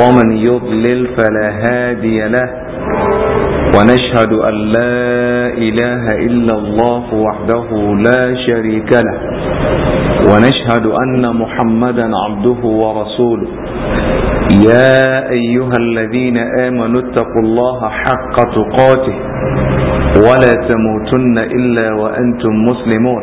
ومن يضلل فلا هادي له ونشهد أن لا إله إلا الله وحده لا شريك له ونشهد أن محمدا عبده ورسوله يا أيها الذين آمنوا اتقوا الله حق تقاته ولا تموتن إلا وأنتم مسلمون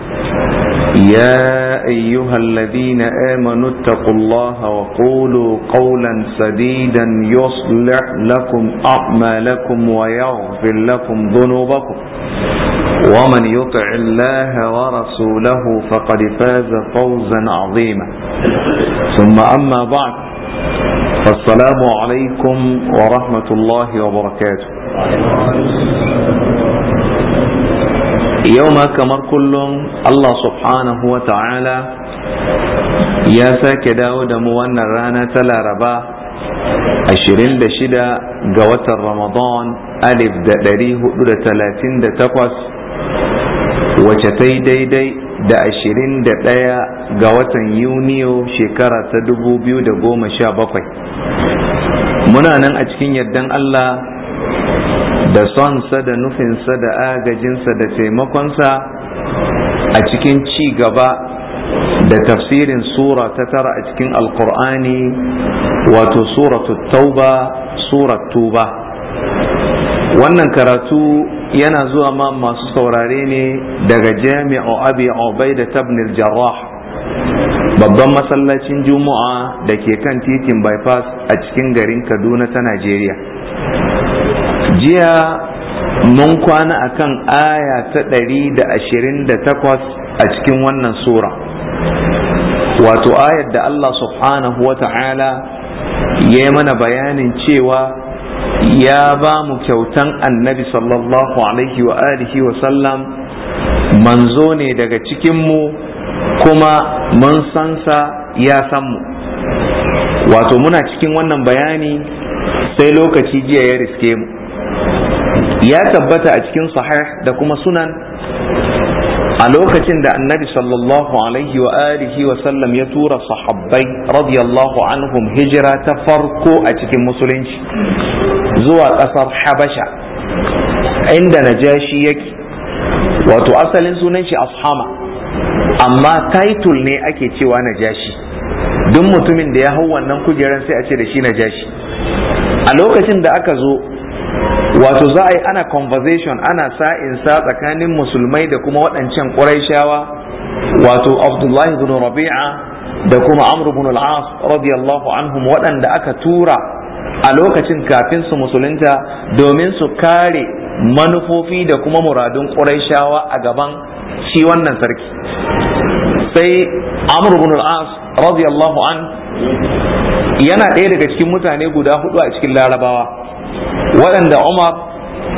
يا ايها الذين امنوا اتقوا الله وقولوا قولا سديدا يصلح لكم اعمالكم ويغفر لكم ذنوبكم ومن يطع الله ورسوله فقد فاز فوزا عظيما ثم اما بعد فالسلام عليكم ورحمه الله وبركاته yau ma kamar kullum Allah subhanahu wa ta'ala ya sake dawo da mu wannan rana ta laraba 26 ga watan ramadan alif da takwas wace ta yi daidai da 21 ga watan yuniyo shekara ta 2017 muna nan a cikin yardan Allah da sonsa da nufinsa da agajinsa da taimakonsa a cikin ci gaba da tafsirin sura ta tara a cikin alkur'ani wato suratu tauba surat tuba wannan karatu yana zuwa ma masu saurare ne daga jami'u abi da tabnil jarrah babban masallacin juma'a da ke kan titin bypass a cikin garin kaduna ta najeriya jiya mun kwana akan aya ta ɗari da ashirin da takwas a cikin wannan sura wato ayar da Allah subhanahu wa ta'ala ya mana bayanin cewa ya ba mu kyautan annabi sallallahu alaihi wa alihi wa sallam manzo ne daga cikinmu kuma mun san sa ya san mu wato muna cikin wannan bayani sai lokaci jiya ya riske mu ya tabbata a cikin sahih da kuma sunan a lokacin da annabi sallallahu alaihi wa alihi wa sallam ya tura sahabbai radiyallahu anhum hijira ta farko a cikin musulunci zuwa ƙasar habasha inda najashi yake wato asalin sunan shi ashama amma titul ne ake cewa najashi duk mutumin da ya hau wannan kujeran sai a ce da shi najashi a lokacin da aka zo wato za a yi ana conversation ana sa sa'insa tsakanin musulmai da kuma waɗancan ƙuraishawa wato abdullahi bin rabi'a da kuma amr bin al-as radiyallahu anhum waɗanda aka tura a lokacin kafin su musulunta domin su kare manufofi da kuma muradun ƙuraishawa a gaban shi wannan sarki sai amr bin al-as radiyallahu an yana ɗaya daga cikin mutane guda hudu a cikin larabawa waɗanda umar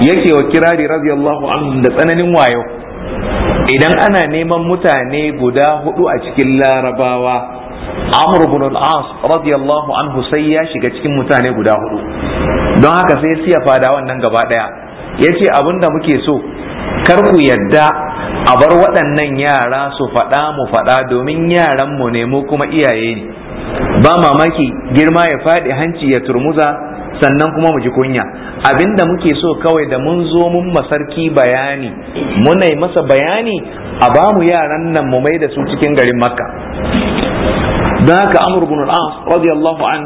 yake wa kirari radiyallahu da tsananin wayo idan ana neman mutane guda hudu a cikin larabawa amr ibn al-as radiyallahu anhu sai ya shiga cikin mutane guda hudu don haka sai siya fada wannan gaba daya yace abinda muke so kar ku yadda a bar waɗannan yara su faɗa mu faɗa domin yaran mu ne mu kuma iyaye ne ba mamaki girma ya faɗi hanci ya turmuza sannan kuma mu ji kunya abinda muke so kawai da mun zo mun masarki bayani muna yi masa bayani a ba mu yaran nan mu mai da su cikin garin makka don haka amur bin al'as radiyallahu an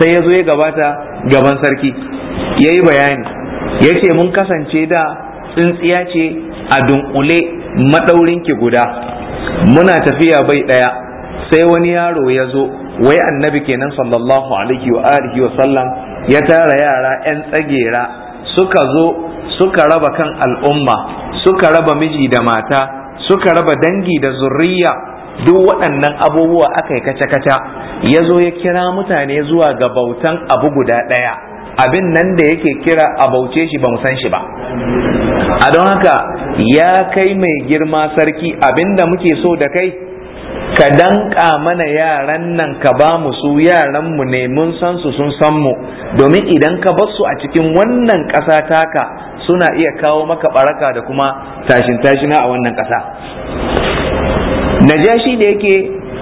sai ya zo ya gabata gaban sarki ya yi bayani ya ce mun kasance da tsintsiya ce a dunkule maɗaurinki ki guda muna tafiya bai ɗaya sai wani yaro ya zo wai annabi kenan sallallahu alaihi wa alihi wa sallam ya tara yara 'yan tsagera suka zo suka raba kan al'umma suka raba miji da mata suka raba dangi da zurriya duk waɗannan abubuwa aka yi kaca-kaca ya zo ya kira mutane zuwa ga bautan abu guda ɗaya abin nan da yake kira a bauce shi ba san shi ba a don haka ya kai mai girma sarki abin da muke so da kai ka danƙa mana yaran nan ka ba mu su yaran mu ne mun san su sun san mu domin idan ka bar su a cikin wannan ƙasa taka suna iya kawo maka baraka da kuma tashin tashina a wannan ƙasa najashi da yake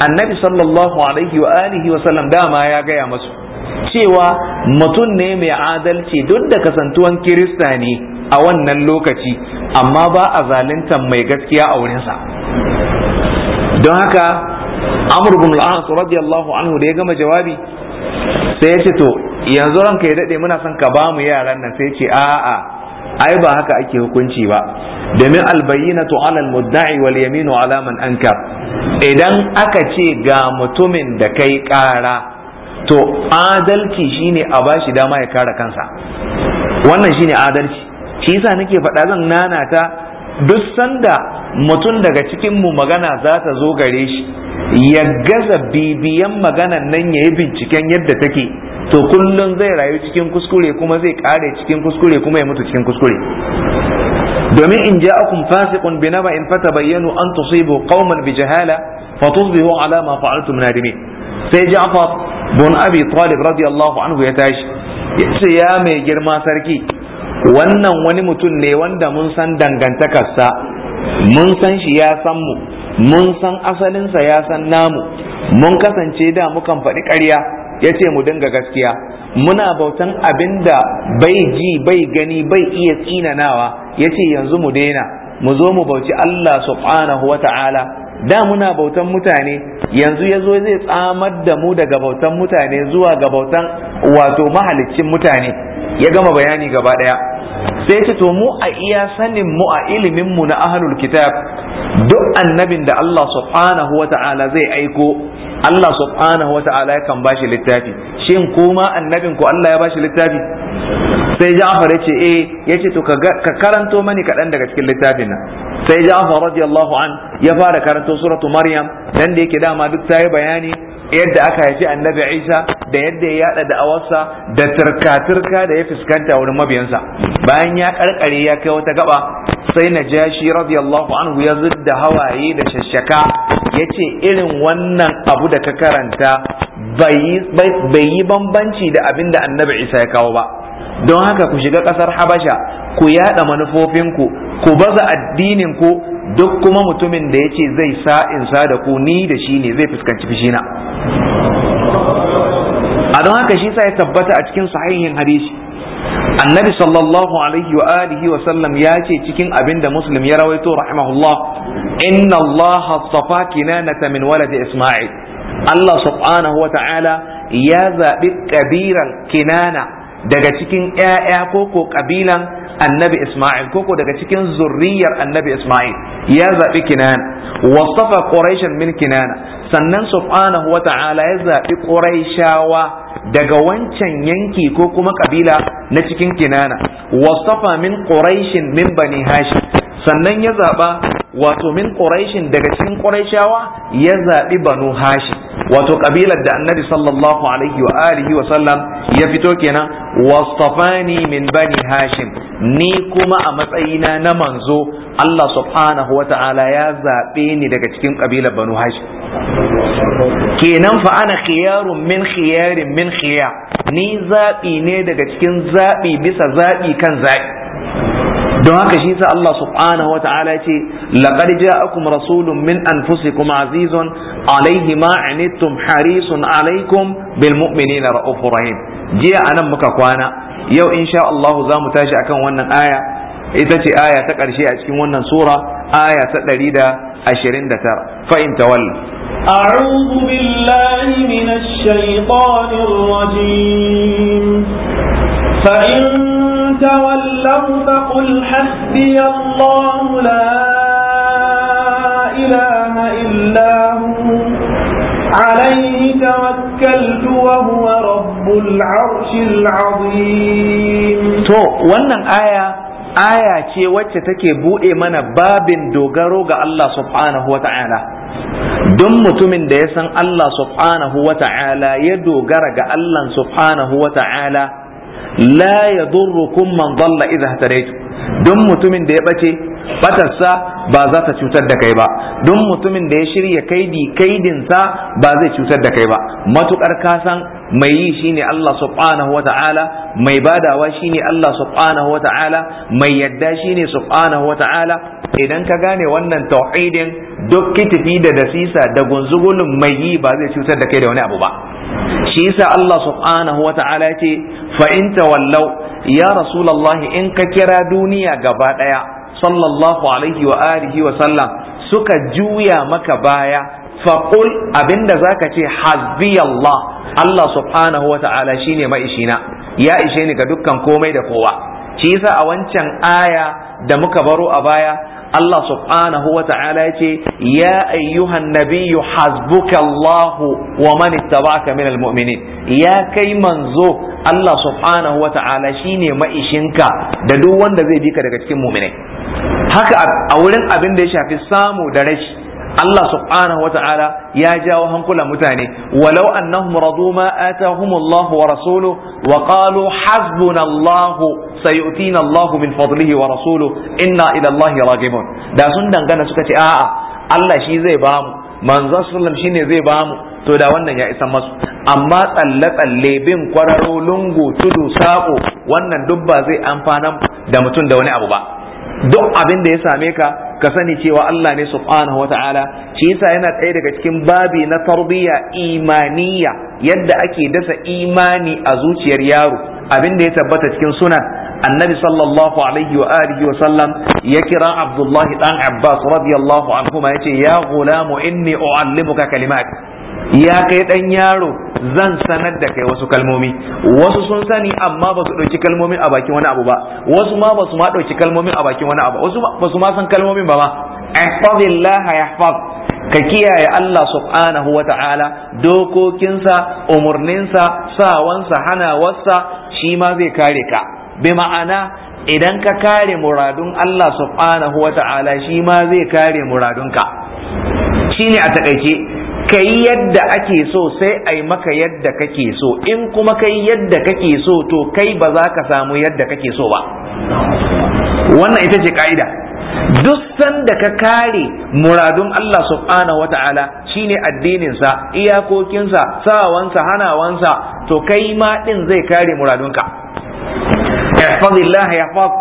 annabi sallallahu alaihi wa alihi wa sallam dama ya gaya masu cewa mutum ne mai adalci duk da kasantuwan kirista ne a wannan lokaci amma ba a zaluntar mai gaskiya a wurinsa don haka amur bin al radiyallahu anhu da ya gama jawabi sai ya ce to yanzu ranka ya daɗe muna son ka bamu yaran nan sai ya ce a'a ai ba haka ake hukunci ba domin albayyinatu na alal muddai wal yaminu ala man ankar idan aka ce ga mutumin da kai ƙara, to adalci shine a bashi dama ya kare kansa wannan shine adalci shi yasa nake faɗa zan nanata duk sanda mutum daga cikinmu magana za ta zo gare shi ya gaza bibiyan maganan nan ya yi binciken yadda take to kullum zai rayu cikin kuskure kuma zai kare cikin kuskure kuma ya mutu cikin kuskure domin in ja akun fasiqun bi fata bayanu, an tusibu qauman bi jahala tusbihu ala ma min adami sai Ja'far bin Abi Talib radiyallahu anhu ya tashi yace ya mai girma sarki wannan wani mutum ne wanda mun san dangantakarsa mun san shi ya san mu mun san asalinsa ya san namu mun kasance da mukan faɗi ƙarya ya ce mu dinga gaskiya muna bautan abin da bai ji bai gani bai iya tsinanawa ya ce yanzu mu daina mu zo mu bauci Allah subhanahu wa ta'ala da muna bautan mutane yanzu ya zo zai tsamar da mu daga bautan mutane zuwa ga bautan wato mahaliccin mutane ya gama bayani gaba ɗaya sai ce to mu a iya sanin mu a ilimin mu na ahlul kitab duk annabin da Allah subhanahu wata'ala zai aiko Allah subhanahu wata'ala yakan bashi littafi shin kuma annabin ku Allah ya bashi littafi sai Ja'far ya ce eh yace to ka karanto mani kaɗan daga cikin littafin nan sai Ja'far radiyallahu an ya fara karanto suratu Maryam dan da yake dama duk ta yi bayani yadda aka haifi annabi isa da yadda ya yada da awarsa, da turka-turka da ya fuskanta wurin mabiyansa bayan ya karkare ya kai wata gaba sai na najashi radiyallahu anhu ya zidda hawaye da shashaka ya ce irin wannan abu da ka karanta bai yi bambanci da abin da annabi isa ya kawo ba don haka ku shiga ƙasar habasha ku yada manufofinku ku baza addininku duk kuma mutumin da ya ce zai sa'insa da ku ni da shi ne zai fuskanci fushina a don haka shi sa ya tabbata a cikin sahihin hadisi annabi sallallahu alaihi wa alihi wa sallam ya ce cikin abin da muslim ya rawaito rahimahullah inna allaha safa kinanata min waladi isma'il allah subhanahu wa ta'ala ya zaɓi kabiran kinana daga cikin ƴaƴa ko kabilan annabi Isma'il ko ko daga cikin zurriyar annabi Isma'il ya zaɓi Kinana wasafa Quraishan min Kinana sannan subhanahu wa ta'ala ya zaɓi Quraishawa daga wancan yanki ko kuma kabila na cikin Kinana wasafa min Quraishin min Bani Hashim sannan ya zaɓa wato min Quraishin daga cikin Quraishawa ya zaɓi Banu Hashim wato kabilar da annabi sallallahu alaihi wa alihi wa sallam ya fito kenan wastafani min bani hashim ni kuma a matsayina na manzo Allah subhanahu wa ta'ala ya zaɓe ni daga cikin kabilar banu hashim kenan fa ana khiyarun min khiyarin min khiyar ni zaɓi ne daga cikin zaɓi bisa zaɓi kan zaɓi don haka shi sa Allah subhanahu wa ta'ala ya ce laqad ja'akum rasulun min anfusikum azizun alayhi ma anittum harisun alaykum bil mu'minina raufur rahim jiya anan muka kwana yau insha Allah za mu tashi akan wannan aya ita ce aya ta ƙarshe a cikin wannan sura aya ta 129 fa in tawalla a'udhu billahi minash shaitanir rajim fa in تولوا فقل حسبي الله لا إله إلا هو عليه توكلت وهو رب العرش العظيم تو وانا آية آية ce wacce take من باب دوغرو dogaro ga Allah subhanahu don mutumin da ya san Allah subhanahu wa ta'ala ya dogara ga Allah subhanahu wa ta'ala la yadurrukum man dalla idha hadaytu duk mutumin da ya bace batarsa ba za ta cutar da kai ba duk mutumin da ya shirya kaidi kaidinsa ba zai cutar da kai ba matukar ka san mai yi shine Allah subhanahu wa ta'ala mai badawa shine Allah subhanahu wa ta'ala mai yadda shine subhanahu wa ta'ala idan ka gane wannan tauhidin duk kitifi da dasisa da gunzugulun mai yi ba zai cutar da kai da wani abu ba shi yasa Allah subhanahu wa ta'ala ce fa in tawallau ya rasulullahi in ka kira duniya gaba daya sallallahu alaihi wa alihi wa sallam suka juya maka baya faƙul abinda zaka ce hazbi Allah Allah subhanahu wa ta'ala shine ma'ishina ya ishe ni ga dukkan komai da kowa shi yasa a wancan aya da muka baro a baya Allah subhanahu wa ta'ala ya ce ya ayyuhan nabiyyu hasbuka Allah wa man ittaba'aka min almu'minin ya kai manzo Allah subhanahu wa ta'ala shine maishinka da duk wanda zai bi ka daga cikin mu'minai haka a wurin abin da ya shafi samu da rashi Allah subhanahu wa ya jawo hankula mutane walau annahum radu ma atahum Allah wa rasuluhu wa min fadlihi wa rasuluhu inna ila Allah da sun dangana suka ce a'a Allah shi zai bamu manzon shi ne zai mu, to da wannan ya isa masu amma tsalle-tsalle bin kwararo lungu tudu saƙo wannan duk ba zai amfana da mutum da wani abu ba duk abin da ya same ka ka sani cewa Allah ne subhanahu wata'ala shi yasa yana ɗaya daga cikin babi na tarbiyya imaniya yadda ake dasa imani a zuciyar yaro abin da ya tabbata cikin sunan annabi sallallahu alaihi wa alihi wa sallam ya kira abdullahi dan abbas radiyallahu anhu ma yace ya gulamu inni uallimuka kalimat ya kai dan yaro zan sanar da kai wasu kalmomi wasu sun sani amma ba su ɗauki kalmomin a bakin wani abu ba wasu ma ba su ma ɗauki kalmomin a bakin wani abu wasu ba su ma san kalmomin ba ma ihfazillaha yahfaz ka kiyaye Allah subhanahu wa ta'ala dokokinsa sa sawansa hanawarsa shi ma zai kare ka bi ma'ana idan ka kare muradun Allah subhanahu wa ta'ala shi ma zai kare muradunka ka shine a takaice ka yi yadda ake so sai a yi maka yadda kake so in kuma ka yi yadda kake so to kai ba za ka samu yadda kake so ba wannan ita ce ka'ida duk sanda ka kare muradun Allah subhanahu wata'ala shine addininsa iyakokinsa sawansa hanawansa to kai ma din zai kare muradunka Ya ya yahfaz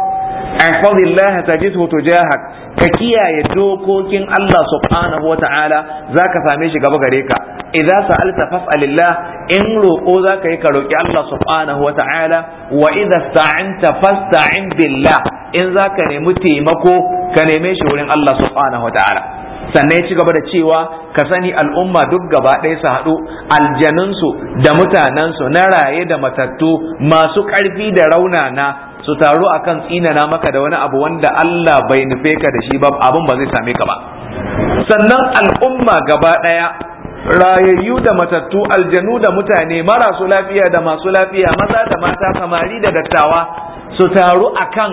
ahfazillahi tajidhu tujahak ka kiyaye dokokin Allah subhanahu wata'ala zaka same shi gaba gare ka Iza idza sa'alta fas'alillah in roko zaka yi ka roki Allah subhanahu wata'ala wa idza sta'anta fasta'in billah in zaka nemi taimako ka neme shi wurin Allah subhanahu wata'ala sanne ci gaba da cewa ka sani al'umma duk gaba ɗaya su hadu aljanunsu da mutanansu na raye da matattu masu ƙarfi da rauna na su taru a akan tsinana maka da wani abu wanda Allah bai nufe ka da shi ba abin ba zai same ka ba sannan al'umma gaba ɗaya, rayayyu da matattu aljanu da mutane marasu lafiya da masu lafiya maza da mata samari da dattawa su taru a kan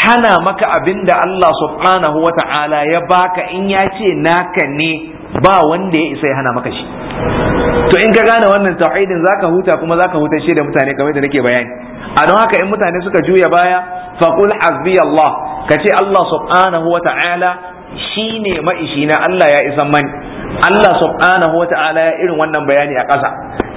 hana maka abin da Allah subhanahu wa ta'ala ya baka in ya ce naka ne ba wanda ya isa ya hana maka shi to in ka gane wannan tauhidin zaka huta kuma zaka huta shi da mutane kamar da nake bayani a don haka in mutane suka juya baya faqul hasbi Allah kace Allah subhanahu wa ta'ala shine ma'ishina Allah ya isa mani Allah subhanahu wa ta'ala ya irin wannan bayani a ƙasa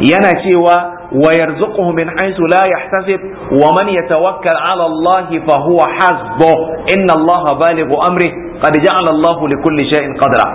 yana cewa wa yarzuquhu min haythu la yahtasib wa man yatawakkal 'ala Allah fa huwa hasbu inna Allah balighu amri qad ja'ala Allah li kulli shay'in qadra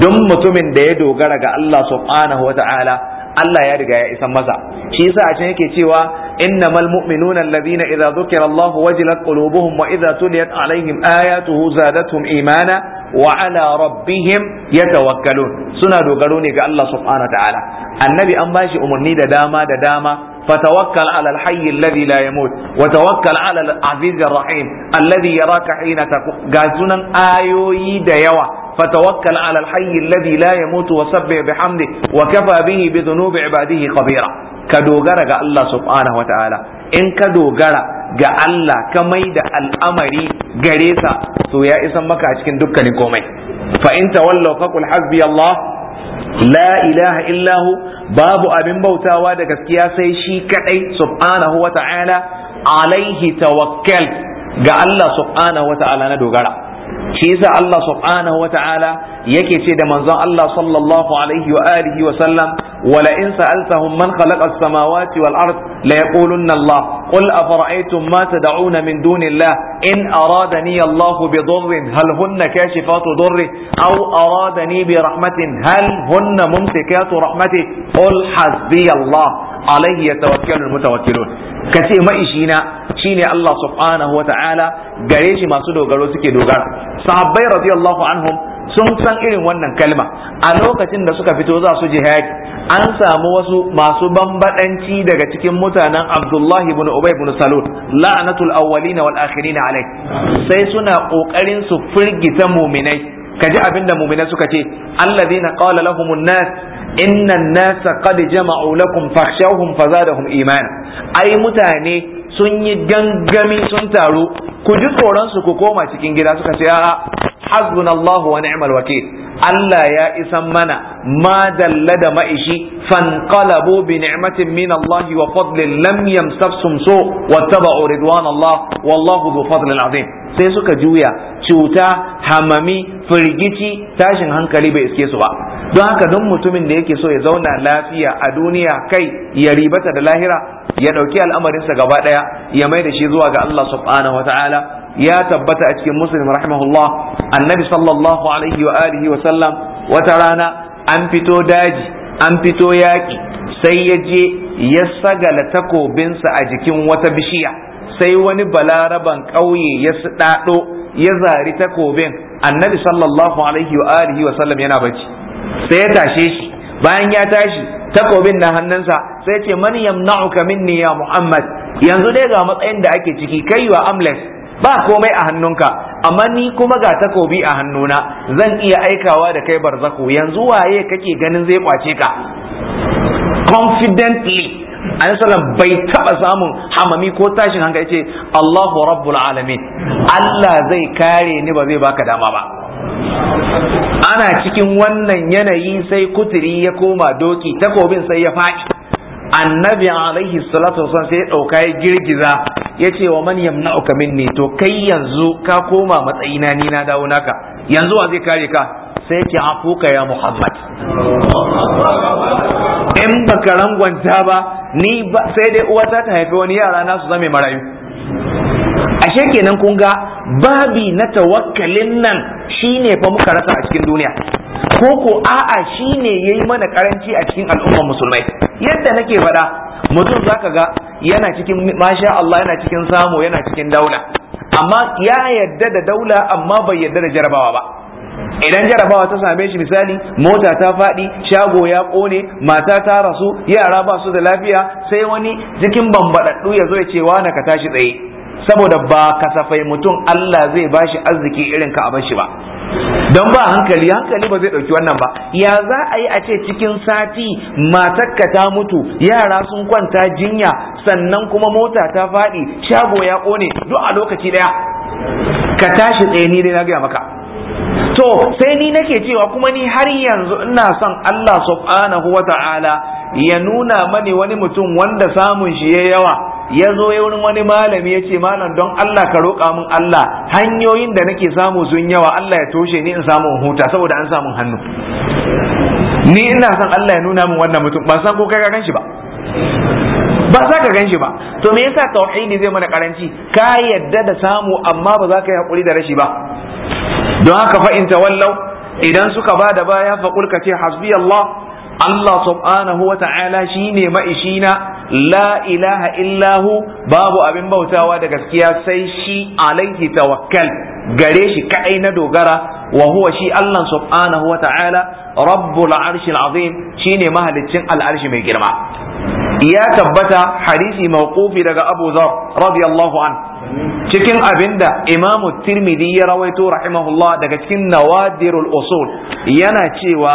duk mutumin da ya dogara ga Allah subhanahu wa ta'ala Allah ya riga ya isa masa shi yasa a can yake cewa innamal mu'minuna alladhina idza dhukira Allah wajilat qulubuhum wa idza tuliyat alaihim ayatuhu zadatuhum imana wa ala rabbihim yatawakkalun suna dogaro ne ga Allah subhanahu ta'ala annabi an bashi umarni da dama da dama فتوكل على الحي الذي لا يموت وتوكل على العزيز الرحيم الذي يراك حين تقوم ayoyi da yawa. Fa فتوكل على الحي الذي لا يموت وسبح بحمده وكفى به بذنوب عباده خبيرا كدوغرا ga Allah subhanahu wataala in ka dogara ga Allah ka mai da al'amari gareta, sa to ya isan maka a cikin dukkanin komai fa in tawallaw faqul hasbi Allah la ilaha illahu babu abin bautawa da gaskiya sai shi kadai subhanahu wataala alaihi tawakkal ga Allah subhanahu wataala na dogara shi yasa Allah subhanahu wata'ala yake ce da manzon Allah sallallahu alaihi wa alihi wa sallam wala in sa'altahum man khalaqa samawati wal ard la yaqulunna Allah qul afara'aytum mata da'una min dunillah in aradani Allah bi darrin hal hunna kashifatu darri aw aradani bi rahmatin hal hunna mumsikatu rahmati qul hasbi Allah alaihi yatawakkalul mutawakkilun kace maishina shine Allah subhanahu wa gare shi masu dogara suke dogara sahabbai radiyallahu anhum sun san irin wannan kalma a lokacin da suka fito za su jihadi an samu wasu masu bambadanci daga cikin mutanen Abdullahi ibn Ubay ibn Salul la'natul awwalina wal akhirina alai sai suna kokarin su firgita muminai kaji abinda muminai suka ce allazina qala lahumun nas inna an nas qad jama'u lakum fakhshawhum fazadahum imana ai mutane sun yi gangami sun taru ku ji tsoron su ku koma cikin gida suka ce a'a hasbunallahu wa ni'mal wakil Allah ya isa mana ma dalla da ma'ishi fanqalabu bi ni'matin min Allah wa fadlin lam yamsasum su wa tabu ridwan Allah wallahu dhu fadlin azim sai suka juya cuta hamami firgici tashin hankali bai iske su ba don haka duk mutumin da yake so ya zauna lafiya a duniya kai ya ribata da lahira ya ɗauki al'amarinsa gaba ɗaya, ya mai da shi zuwa ga Allah subhanahu wataala ya tabbata a cikin muslim rahimahullah annabi sallallahu alaihi wa alihi wa sallam wata rana an fito daji an fito yaƙi sai ya je ya sagala takobinsa a jikin wata bishiya sai wani balaraban ƙauye ya daɗo ya zari takobin annabi sallallahu alaihi wa alihi wa sallam yana bacci sai ya tashe shi bayan ya tashi takobin na hannunsa sai ce man yamna'uka minni ya muhammad yanzu dai ga matsayin da ake ciki kai wa amles ba komai a hannunka amma ni kuma ga takobi a hannuna zan iya aikawa da kai barzako yanzu waye kake ganin zai kwace ka confidently annabi bai taba samun hamami ko tashin hankali ce Allahu rabbul alamin Allah zai kare ni ba zai baka dama ba ana cikin wannan yanayi sai kuturi ya koma doki takobin sai ya faɗi annabi alaihi salatu wasallam sai ya dauka ya girgiza ya ce wa man yamna'uka minni to kai yanzu ka koma matsayina ni na dawo naka yanzu wa zai kare ka sai ce afuka ya muhammad in baka rangwanta ba ni ba sai dai uwa ta haifi wani yara na su zame marayu ashe kenan kun ga babi na tawakkalin nan shine fa muka rasa a cikin duniya ko ko a'a shine yayi mana karanci a cikin al'ummar musulmai yadda nake faɗa mutum zaka ga yana cikin masha Allah yana cikin samu yana cikin daula amma ya yadda da daula amma bai yadda da jarabawa ba idan jarabawa ta same shi misali mota ta faɗi shago ya ƙone mata ta rasu yara ba su da lafiya sai wani cikin bambaɗaɗɗu ya zo ya ce wani ka tashi tsaye saboda ba kasafai mutum Allah zai bashi arziki irin ka a bashi ba don ba hankali hankali ba zai ɗauki wannan ba ya za a yi a ce cikin sati matakka ta mutu yara sun kwanta jinya sannan kuma mota ta faɗi shago ya kone duk a lokaci ɗaya ka tashi tsaye ni dai na gaya maka to sai ni nake cewa kuma ni har yanzu ina son Allah subhanahu wa ta'ala ya nuna mani wani mutum wanda samun shi ya yawa ya zo ya wurin wani malami ya ce malam don Allah ka roƙa min Allah hanyoyin da nake samu sun yawa Allah ya toshe ni in samu huta saboda an samun hannu ni ina son Allah ya nuna min wannan mutum ba san ko kai ka ganshi ba ba za ka ganshi ba to me yasa tauhidi zai mana karanci ka yadda da samu amma ba za ka yi hakuri da rashi ba don haka fa in tawallau idan suka ba da baya fa kulka ce hasbi Allah Allah subhanahu wa ta'ala shine maishina la ilaha illahu babu abin bautawa da gaskiya sai shi alaihi tawakkal gare shi kadai na dogara wa huwa shi Allah subhanahu wa ta'ala rabbul arshil azim shine mahaliccin al'arshi mai girma ya tabbata hadisi mawqufi daga Abu Dharr radiyallahu an cikin abinda Imam Tirmidhi ya rawaito rahimahullah daga cikin nawadirul usul yana cewa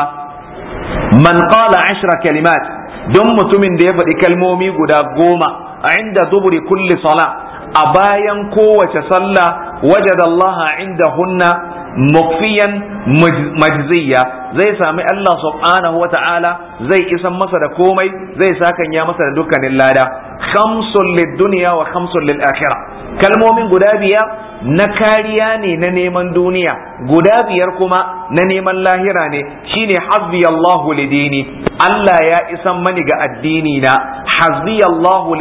man qala ashra kalimat don mutumin da ya faɗi kalmomi guda goma a inda duburi kulli sala a bayan kowace sallah wajadallaha inda hunna mukfiyan majziya zai sami Allah subhanahu wa ta'ala zai isan masa da komai zai sakanya masa da dukkanin lada khamsun lid duniya wa khamsun lil-akhirah kalmomin guda biyar na kariya ne na neman duniya guda biyar kuma na neman lahira ne shine hasbi Allahu lidini Allah ya isan mani ga addini na hasbi Allahu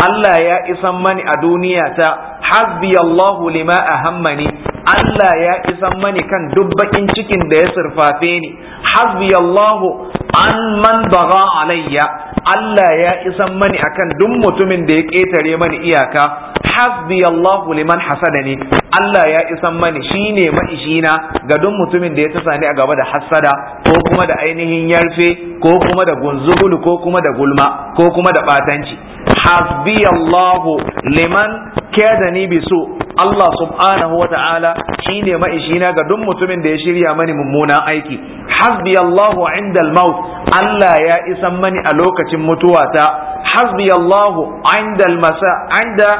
Allah ya isan mani a duniya ta hasbi Allahu lima ahammani Allah ya isan mani kan duk bakin cikin da ya surfafe ni hasbi Allahu an man baga alayya Allah ya isan mani akan duk mutumin da ya ƙetare mani iyaka hasbi Allahu liman hasadani Allah ya isan mani shine maishina ga duk mutumin da ya tasa ni a gaba da hasada ko kuma da ainihin yarfe ko kuma da gunzulu ko kuma da gulma ko kuma da batanci hasbi Allahu liman kadani bisu Allah subhanahu wa ta'ala shine ma'ishina ga duk mutumin da ya shirya mani mummunan aiki hasbi Allahu indal maut Allah ya isan mani a lokacin mutuwata hasbi Allahu indal masa inda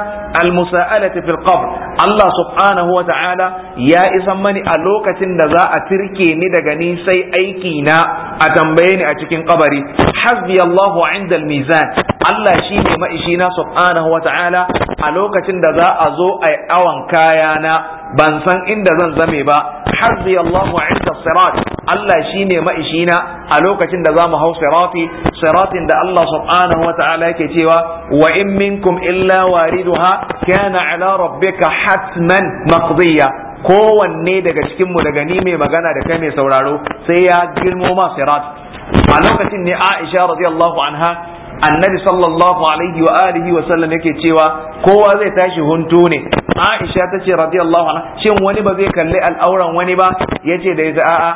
al musa'alati fil qabr Allah subhanahu wa ta'ala ya isan mani a lokacin da za a tirke ni daga ni sai aiki na a tambaye ni a cikin kabari hasbi Allahu indal mizan Allah shi ne ma'ishina subhanahu wa ta'ala a lokacin da za a zo a awan kayana ban san inda zan zame ba harzi Allahu inda sirat Allah shine maishina a lokacin da zamu hau sirati siratin da Allah subhanahu wa ta'ala yake cewa wa in minkum illa wariduha kana ala rabbika hatman maqdiya kowanne daga cikinmu daga ni mai magana da kai mai sauraro sai ya girmo ma sirat a lokacin ne Aisha radiyallahu anha annabi sallallahu alaihi wa alihi wa sallam yake cewa kowa zai tashi hunto ne aisha ta ce radiyallahu anha shin wani ba zai kalli al'auran wani ba yace da yaza a'a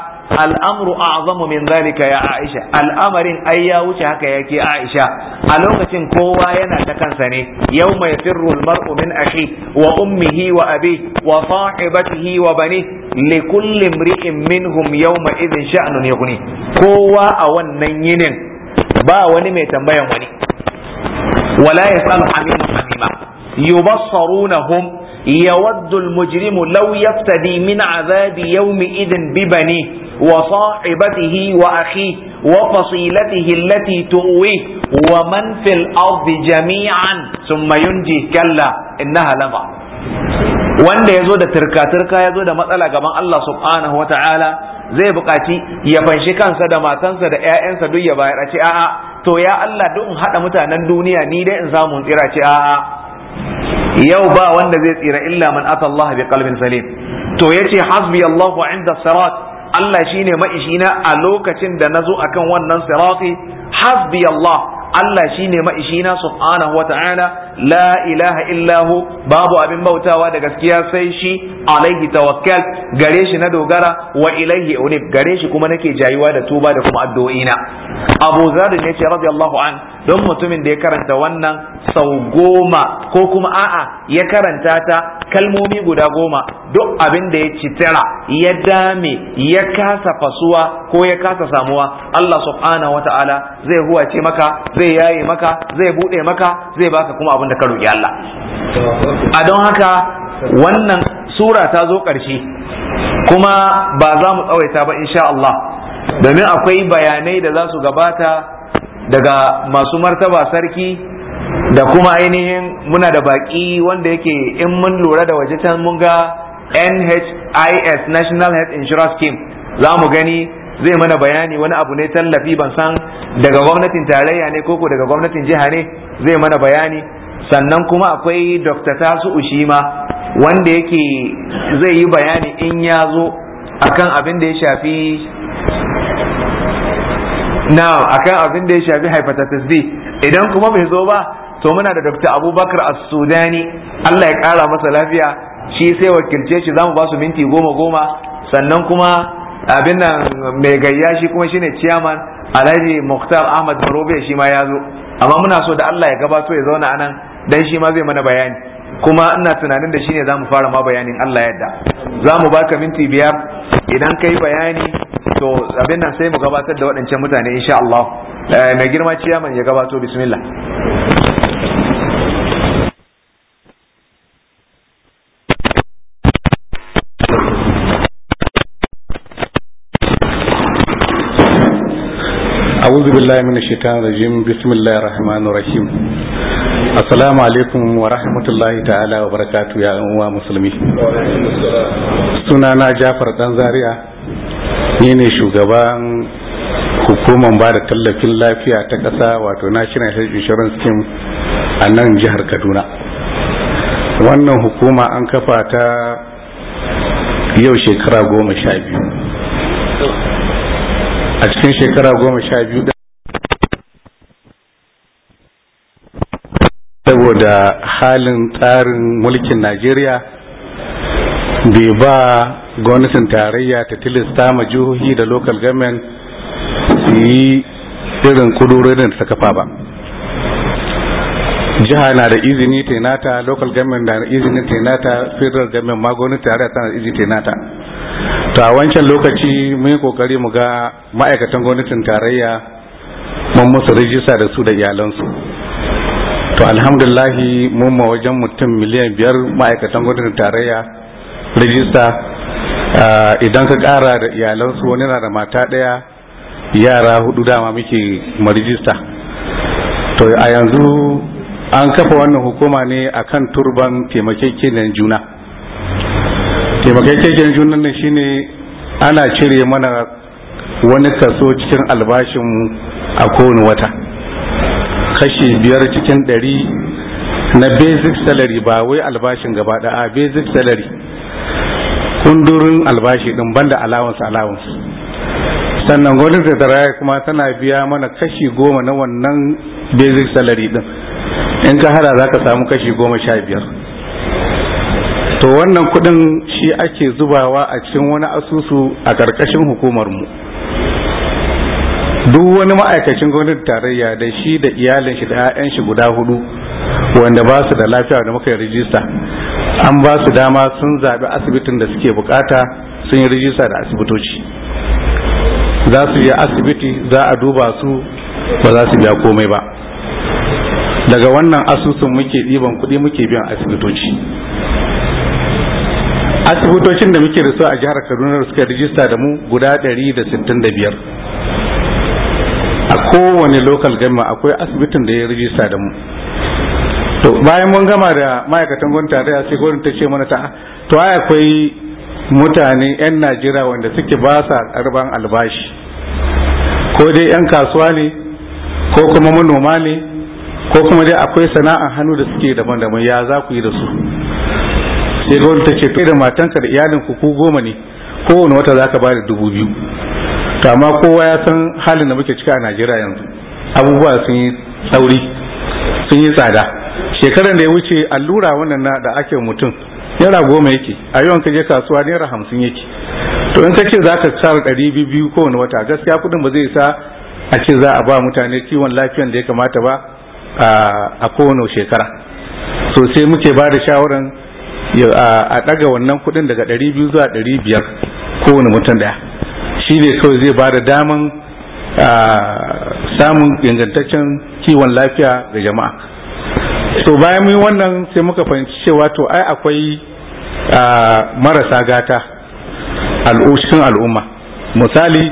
al'amru a'zamu min zalika ya aisha al'amarin ai ya wuce haka yake aisha a lokacin kowa yana ta kansa ne yawma yafirru al-mar'u min akhi wa ummihi wa abi wa sahibatihi wa bani li kulli imri'in minhum yawma idhin sha'nun yughni kowa a wannan yinin ba wani mai tambayan wani ولا يسأل hamimun hamima يبصرونهم يود المجرم لو يفتدي من عذاب يومئذ ببنيه وصاحبته واخيه وفصيلته التي تؤويه ومن في الارض جميعا ثم ينجي كلا انها لظى wanda ya zo da turka-turka ya zo da matsala gaban Allah subhanahu wa ta'ala zai buƙaci ya fanshi kansa da matansa da 'ya'yansa duk ya bayar a ce a'a to ya Allah duk in haɗa mutanen duniya ni dai in samu tsira ce a'a yau ba wanda zai tsira illa man ata Allah bi kalbin salim to ya ce, hasbi Allahu inda sirat Allah shine maishina a lokacin da nazo akan wannan sirati hasbi Allah Allah shine maishina subhanahu wa ta'ala la ilaha illahu babu abin bautawa da gaskiya sai shi alaihi tawakkal gare shi na dogara wa ilaihi unib gare shi kuma nake jayuwa da tuba da kuma addu'o'ina Abu zarin ne ce radiyallahu an don mutumin da ya karanta wannan sau goma ko kuma a'a ya karanta ta kalmomi guda goma duk abin da ya citara ya dame ya kasa fasuwa ko ya kasa samuwa Allah subhanahu wataala zai huwace maka zai yaye maka zai bude maka zai baka kuma abu abin da ka roƙi Allah a don haka wannan sura ta zo ƙarshe kuma ba za mu tsawaita ba insha Allah domin akwai bayanai da za su gabata daga masu martaba sarki da kuma ainihin muna da baƙi wanda yake in mun lura da waje can mun ga NHIS National Health Insurance Scheme za mu gani zai mana bayani wani abu ne tallafi ban san daga gwamnatin tarayya ne koko daga gwamnatin jiha ne zai mana bayani sannan kuma akwai dr tasu ushima wanda yake zai yi bayani in ya zo akan abin da ya shafi na akan abin da ya shafi hepatitis B idan kuma bai zo ba to muna da dr abubakar as-sudani allah ya kara masa lafiya shi sai wakilce shi zamu ba su minti goma goma sannan kuma abin nan mai gayya shi kuma shine chairman alhaji muhtar ahmad barobe shi ma ya zo amma muna so da allah ya gabato ya zauna anan dan shi ma zai mana bayani kuma ina tunanin da shine zamu fara ma bayanin Allah yadda zamu baka minti biyar idan kai bayani to abin nan sai mu gabatar da waɗancan mutane insha Allah eh, mai girma ciyaman ya gabato bismillah أعوذ بالله من الشيطان الرجيم بسم الله الرحمن الرحيم assalamu alaikum wa rahmatullahi ta'ala wa barakatu ya uwa musulmi sunana jafar dan zaria ni ne shugaban hukumar ba da tallafin lafiya ta ƙasa wato national health insurance scheme a nan jihar kaduna wannan hukuma an kafa ta yau shekara goma sha biyu a cikin shekara goma sha biyu saboda halin tsarin mulkin najeriya bai ba gwamnatin tarayya ta tilasta ma jihohi da local government su yi irin kudurorin da ta kafa ba jiha na da izini tenata local government na da izini tenata federal government ma gwamnatin tarayya tana da izini tenata to a wancan lokaci mun yi kokari mu ga ma'aikatan gwamnatin tarayya mun musu rijista da su da iyalansu to alhamdulillahi mun ma wajen mutum miliyan biyar ma'aikatan gudun tarayya rijista ah, idan ka kara da iyalansu wani na da mata ɗaya yara hudu dama muke rijista. to a yanzu an kafa wannan hukuma ne akan turban taimakekeniyar juna taimakekeniyar juna ne shine ana cire mana wani kaso cikin albashin a kowane wata kashi biyar cikin ɗari na basic salary ba wai albashin gaba a basic salary kundurin albashi ɗin banda allowance allowance sannan gwamnatin tarayya kuma tana biya mana kashi goma na wannan basic salary ɗin in ka hada za ka samu kashi goma sha biyar to wannan kuɗin shi ake zubawa a cikin wani asusu a ƙarƙashin hukumar mu duk wani ma'aikacin gwamnati tarayya da shi da iyalin shi da 'ya'yan shi guda hudu wanda ba su da lafiya da muka yi rijista an ba su dama sun zaɓi asibitin da suke bukata sun yi rijista da asibitoci za su yi asibiti za a duba su ba za su biya komai ba daga wannan asusun muke ɗiban kuɗi muke biyan asibitoci asibitocin da muke da su a jihar kaduna suka rijista da mu guda 165 kowane local gama akwai asibitin da ya rijista da mu to bayan mun gama da ma'aikatan gwamnati tarayya sai gwamnati ta ce mana ta to ai akwai mutane yan Najeriya wanda suke ba sa karban albashi ko dai yan kasuwa ne ko kuma manoma ne ko kuma dai akwai sana'an hannu da suke daban-daban ya za ku yi da su sai gwamnati ta ce kai da matanka da iyalinku ku goma ne kowane wata za ka ba da dubu biyu to amma kowa ya san halin da muke ciki a najeriya yanzu abubuwa sun yi tsauri sun yi tsada shekarar da ya wuce allura wannan na da ake mutum naira goma yake a yawan ka je kasuwa naira hamsin yake to in ka ce za ka sa ɗari biyu biyu kowane wata gaskiya kuɗin ba zai sa a ce za a ba mutane kiwon lafiyan da ya kamata ba a kowane shekara so sai muke ba da shawaran a ɗaga wannan kuɗin daga ɗari biyu zuwa ɗari biyar kowane mutum ɗaya shi ne kawai zai ba da daman samun ingantaccen kiwon lafiya ga jama'a to bayan mun wannan sai muka fahimci cewa to ai akwai marasa gata cikin al'umma misali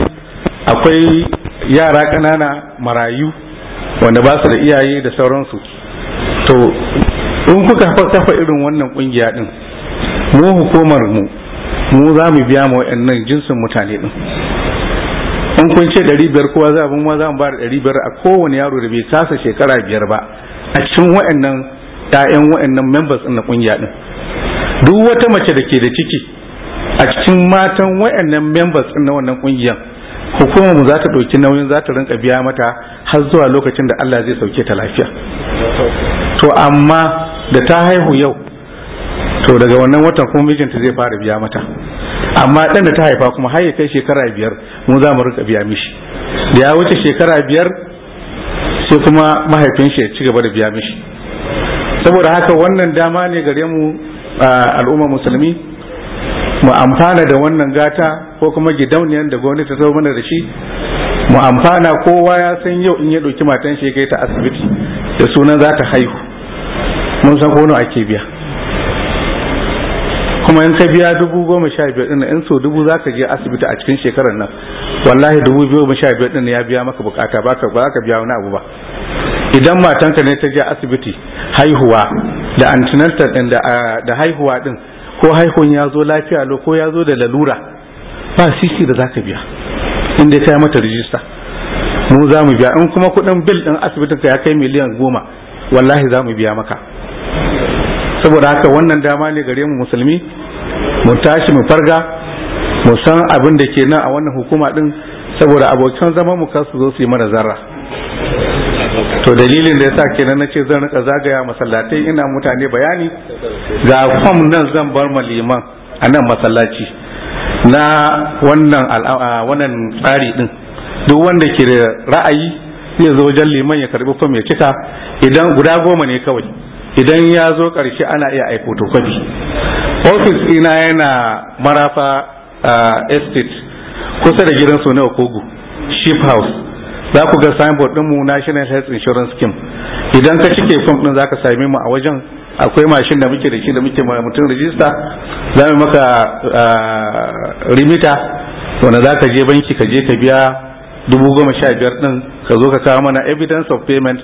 akwai yara ƙanana marayu wanda ba su da iyaye da sauransu to in kuka kafa irin wannan ƙungiya din? mu hukumar mu mu za mu biya ma waɗannan jinsin mutane din in kun ce 500 kowa za mu ma za mu ba da ɗari biyar a kowane yaro da bai kasa shekara biyar ba a cikin waɗannan ƴaƴan waɗannan members din na ƙungiya din duk wata mace da ke da ciki a cikin matan waɗannan members din na wannan ƙungiyar hukumar mu za ta ɗauki nauyin za ta rinka biya mata har zuwa lokacin da Allah zai sauke ta lafiya to amma da ta haihu yau to daga wannan watan kuma mijinta zai fara biya mata amma dan da ta haifa kuma har ya kai shekara biyar mu za mu rika biya mishi da ya wuce shekara biyar sai kuma mahaifin shi ya ci gaba da biya mishi saboda haka wannan dama ne gare mu al'umma musulmi mu amfana da wannan gata ko kuma gidauniyar da gwamnati ta zama mana da shi mu amfana kowa ya san yau in ya ɗauki matan shi ya kai ta asibiti da sunan za ta haihu mun san kono ake biya kuma in ka biya dubu goma sha biyar ɗin in so dubu za ka je asibiti a cikin shekarar nan wallahi dubu goma sha biyar ɗin ya biya maka bukata ba ka biya wani abu ba idan matanka ne ta je asibiti haihuwa da antinantar ɗin da haihuwa ɗin ko haihun ya zo lafiya lo ko ya zo da lalura ba sisi da za ka biya in dai ka mata rijista mu za mu biya in kuma kuɗin bil ɗin asibitin ka ya kai miliyan goma wallahi za mu biya maka saboda haka wannan dama ne gare mu musulmi mu tashi mu farga mu san abin da ke nan a wannan hukuma din saboda abokan zaman mu kar zo su yi mana zarra to dalilin da yasa kenan ce zan rika zagaya masallatai ina mutane bayani ga kwam nan zan bar liman a nan masallaci na wannan wannan tsari din duk wanda ke da ra'ayi zai zo wajen liman ya karbi fam ya cika idan guda goma ne kawai idan ya zo ƙarshe ana iya aiko to ofis ina yana marafa eh, estate kusa da gidan sone okogu ship house za ku ga signboard ɗinmu national health insurance scheme idan ka cike form ɗin za ka same mu a wajen akwai mashin da muke da shi da muke mutum register za mu maka eh, rimita wanda za ka je banki ka je ka biya dubu goma sha biyar din ka zo ka kawo mana evidence of payment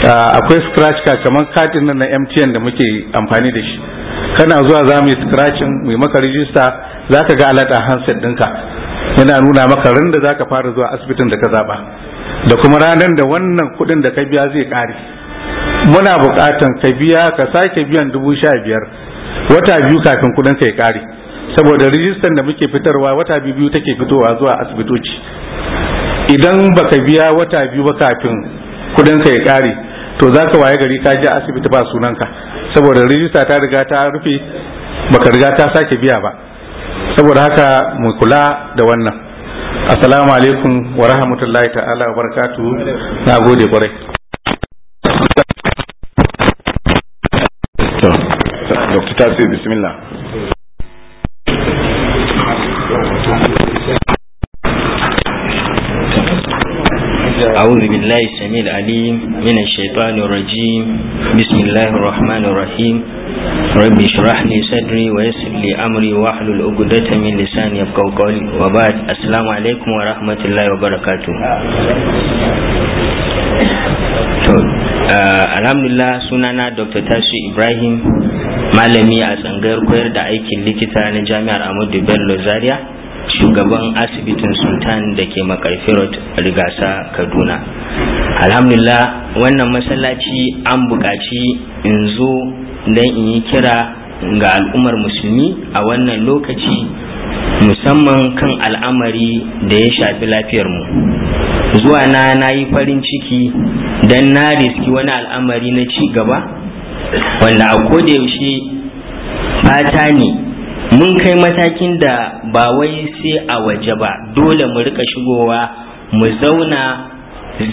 Ah, akwai scratch ka kamar katin nan na MTN da muke amfani da shi kana zuwa za mu yi scratching mu maka rijista za ka ga alata handset ɗinka yana nuna maka randa da za ka fara zuwa asibitin da ka zaba da kuma ranar da wannan kuɗin da ka biya zai kare muna buƙatan ka biya ka sake biyan dubu sha biyar wata biyu kafin kuɗin ka ya ƙare saboda rijistan da muke fitarwa wata biyu take fitowa zuwa asibitoci idan baka biya wata biyu ba kafin kudin sa ya kare to zaka waye gari ka je asibiti ba sunanka saboda rijista ta riga ta rufe baka riga ta sake biya ba saboda haka mu kula da wannan assalamu alaikum wa rahmatullahi ta'ala wa barakatuh na gode kwarai Dr. Tasir, bismillah. أعوذ بالله السميع العليم من الشيطان الرجيم بسم الله الرحمن الرحيم رب اشرح لي صدري ويسر لي أمري واحلل عقدة من لساني يفقهوا قولي وبعد السلام عليكم ورحمة الله وبركاته Uh, alhamdulillah sunana dr tasu ibrahim malami a tsangar koyar da aikin likita na jami'ar amadu bello zaria shugaban asibitin sultan da ke makarfirot rigasa kaduna alhamdulillah wannan masallaci an buƙaci in zo don in yi kira ga al'ummar musulmi a wannan lokaci musamman kan al'amari da ya shafi lafiyarmu zuwa na na yi farin ciki don na riski wani al'amari na ci gaba wanda a kodayaushe fata ne mun kai matakin da ba wai sai a waje ba dole mu rika shigowa mu zauna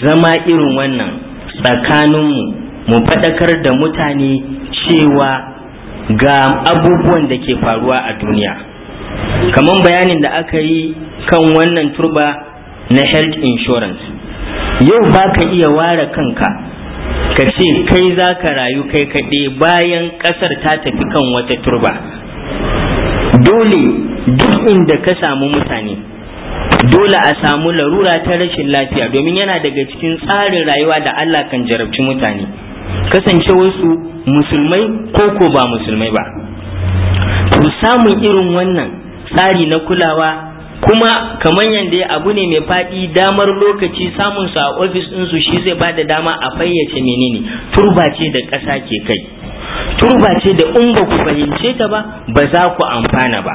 zama irin wannan tsakaninmu mu faɗakar da mutane cewa ga abubuwan da ke faruwa a duniya kamar bayanin da aka yi kan wannan turba na health insurance yau ba ka iya ware kanka ka ce kai za ka rayu kai kaɗai bayan ƙasar ta tafi kan wata turba dole duk inda ka samu mutane dole a samu larura ta rashin lafiya domin yana daga cikin tsarin rayuwa da Allah kan jarabci mutane kasance wasu musulmai ko ko ba musulmai ba to samun irin wannan tsari na kulawa kuma kamar yadda abu ne mai faɗi damar lokaci samun su a ofis su shi zai ba da dama a fayyace menene turba ce da ƙasa ke kai turba ce da in ba ku fahimce ta ba ba za ku amfana ba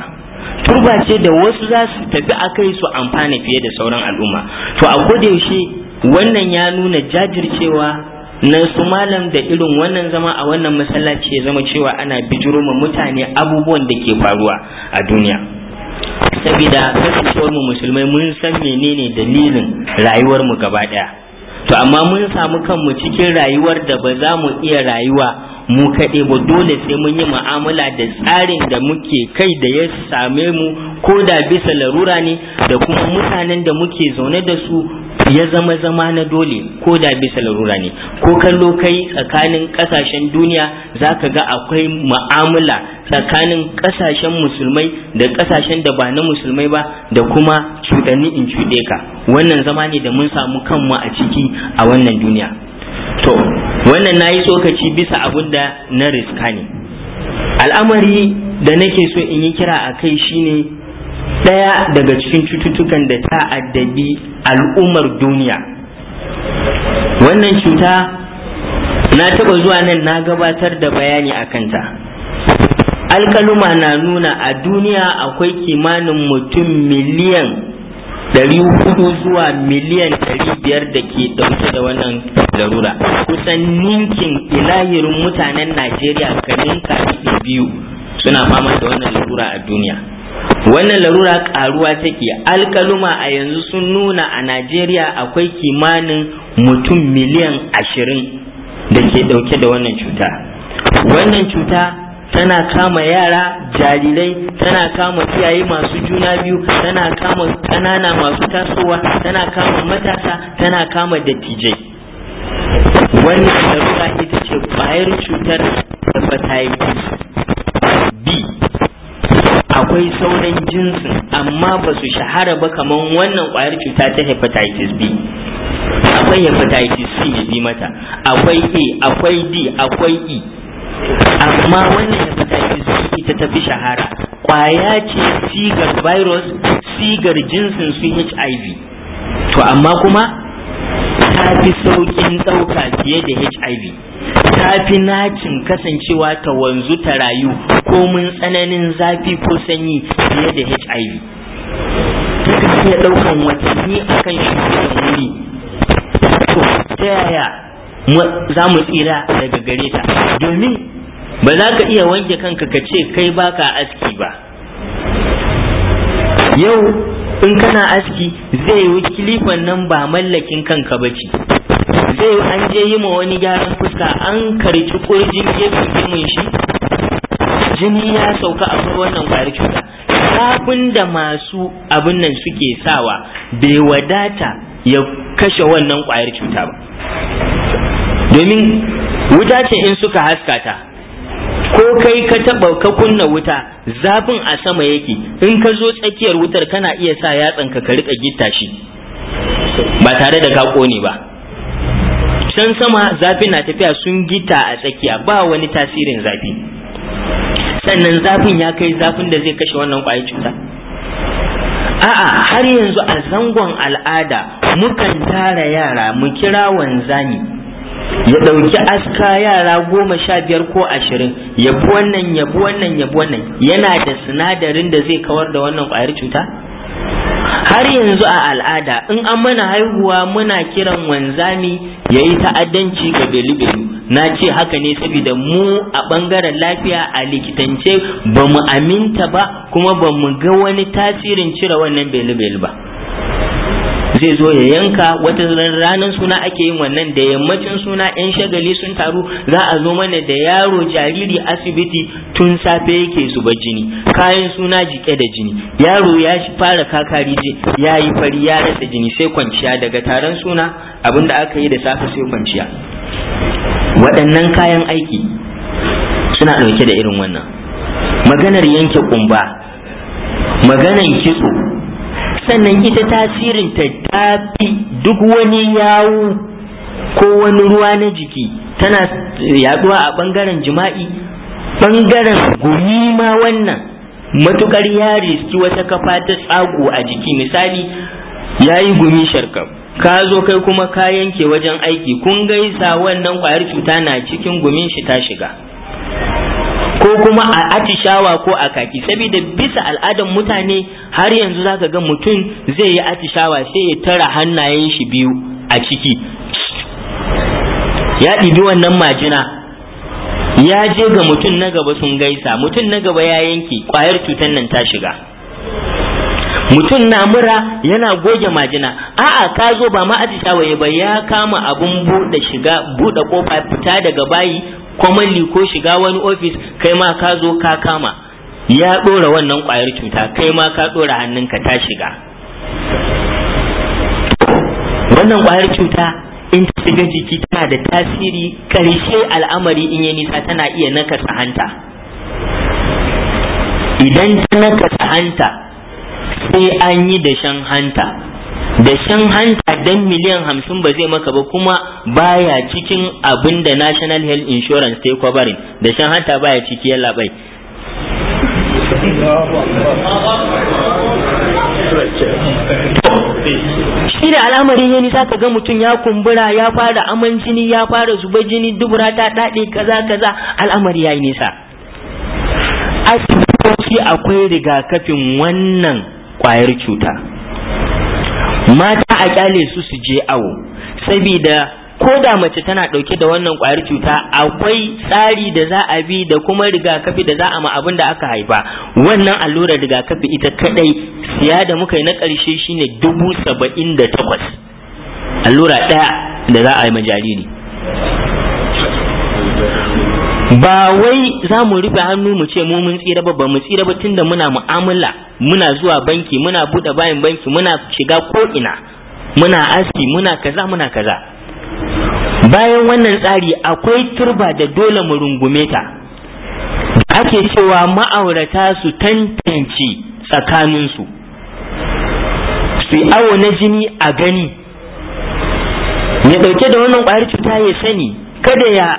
turba ce da wasu za su tafi a kai su amfana fiye da sauran al'umma to a yaushe wannan ya nuna jajircewa na su malam da irin wannan zama a wannan masallaci ya zama cewa ana bijiro ma mutane abubuwan da ke faruwa a duniya saboda kasancewar mu musulmai mun san menene dalilin rayuwar mu gaba daya to amma mun samu kanmu cikin rayuwar da ba za mu iya rayuwa mu kaɗe ba dole sai mun yi mu'amala da tsarin da muke kai da ya same mu ko da bisa larura ne da kuma mutanen da muke zaune da su ya zama zama na dole ko da bisa larura ne ko kallo kai tsakanin ƙasashen duniya za ka ga akwai mu'amala tsakanin ƙasashen musulmai da ƙasashen da ba na musulmai ba da kuma cuɗani in cuɗe ka wannan zama ne da mun samu kanmu a ciki a wannan duniya to wannan na yi tsokaci bisa abin da na riska ne al'amari da nake so in yi kira a kai shine ɗaya daga cikin cututtukan da ta addabi al'ummar duniya wannan cuta na taɓa zuwa nan na gabatar da bayani a kanta alkaluma na nuna a duniya akwai kimanin mutum miliyan ɗari hudu zuwa miliyan ɗari biyar da ke dauke da wannan larura kusan ninkin ilahirin mutanen najeriya kamin kafin biyu suna fama da wannan larura a duniya wannan larura karuwa take alkaluma a yanzu sun nuna a najeriya akwai kimanin mutum miliyan ashirin da ke dauke da wannan cuta wannan cuta tana kama yara jarirai tana kama iyaye masu juna biyu tana kama kanana masu tasowa tana kama matasa tana kama dattijai Wani larura ita ce kwayar cutar hepatitis b akwai sauran jinsin amma ba su shahara ba kamar wannan kwayar cuta ta hepatitis b akwai hepatitis c da bi mata akwai a akwai d akwai e amma wannan hepatitis C ita tafi shahara kwaya ce sigar virus sigar jinsin su HIV to amma kuma ta fi saukin ɗauka fiye da HIV ta fi nacin kasancewa ta wanzu ta rayu ko mun tsananin zafi ko sanyi fiye da HIV ta iya ɗaukan watanni akan shi wuri to ta yaya za mu tsira daga gare ta domin ba za ka iya wanke kanka ka ce kai baka aski ba yau in kana aski zai yi kilifan nan ba mallakin kanka ba ce zai an je yi ma wani gyaran fuska an karci kurjin gefen jimin shi jini ya sauka a wannan kwayar cuta zafin da masu abin nan suke sawa bai wadata ya kashe wannan kwayar cuta ba domin wuta ce in suka haska ta ko kai ka taba ka kunna wuta zafin a sama yake in ka zo tsakiyar wutar kana iya sa yatsan ka rika gitta shi ba tare da ka kone ba San sama zafin na tafiya sun gita a tsakiya ba wani tasirin zafi sannan zafin ya kai zafin da zai kashe wannan kwayar cuta a'a har yanzu a zangon al'ada mukan tara yara mu kira wanzami ya ɗauki aska yara goma sha biyar ko ashirin yabi wannan bi wannan bi wannan yana da sinadarin da zai kawar da wannan kwayar cuta har yanzu a al'ada in an mana haihuwa muna kiran wanzami ya yi ta'addanci ga belibeli na ce haka ne saboda mu a bangaren lafiya a likitance ba mu aminta ba kuma ba mu ga wani tasirin cire wannan belibeli ba zai zo ya yanka wata ranar suna ake yin wannan da yammacin suna yan shagali sun taru za a zo mana da yaro jariri asibiti tun safe yake zuba jini kayan suna jike da jini yaro ya fara kakari je ya yi fari ya rasa jini sai kwanciya daga taron suna abin da aka yi da safe sai kwanciya waɗannan kayan aiki suna ɗauke da irin wannan maganar yanke kumba maganar kitso sannan ita tasirin ta tafi duk wani yawo ko wani ruwa na jiki tana yaduwa a bangaren jima'i bangaren gumi ma wannan matukar ya riski wata kafa ta tsago a jiki misali ya yi gumi sharkam ka zo kai kuma ka yanke wajen aiki kun gaisa wannan kwayar cuta na cikin gumin shi ta shiga ko kuma a atishawa ko a kaki saboda bisa al'adan mutane har yanzu zaka ga mutum zai yi atishawa sai ya tara hannayen shi biyu a ciki ya ɗibi wannan majina ya je ga mutum na gaba sun gaisa mutum na gaba ya yanke kwayar cutar nan ta shiga mutum na mura yana goge majina a'a ka zo ba ma ya ba ya kama abun buɗe shiga buɗe kofa fita daga bayi kwamanli ko shiga wani ofis kai ma ka zo ka kama ya ɗora wannan kwayar cuta kai ma ka ɗora hannunka ta shiga wannan kwayar cuta in ta shiga jiki tana da tasiri karshe al'amari in ya nisa tana iya nakasa hanta idan ta nakasa hanta sai an yi dashen hanta da shan hanta dan miliyan hamsin ba zai maka ba kuma baya cikin abin da national health insurance ta yi kwabarin da shan hanta baya ciki yalla bai shi da al'amarin yani za ka ga mutum ya kumbura ya fara aman jini ya fara zuba jini dubura ta daɗe kaza kaza al'amari ya yi nisa asibitoci akwai rigakafin wannan kwayar cuta mata a kyale su su je awo saboda ko da mace tana ɗauke da wannan kwayar cuta akwai tsari da za a bi da kuma rigakafi da za a ma abin da aka haifa wannan allurar rigakafi ita kadai siya da muka yi na ƙarshe shine dubu saba'in da takwas allura ɗaya da za a yi ma jariri ba wai za mu rufe hannu mu ce mu mun tsira ba ba mu tsira ba tunda muna mu'amala muna zuwa banki muna buɗe bayan banki muna shiga ko ina muna aski muna kaza muna kaza bayan wannan tsari akwai turba da dole mu rungume ta ake cewa ma'aurata su tantance tsakaninsu su awo na jini a gani ya ɗauke da wannan ƙwayar cuta ya sani kada ya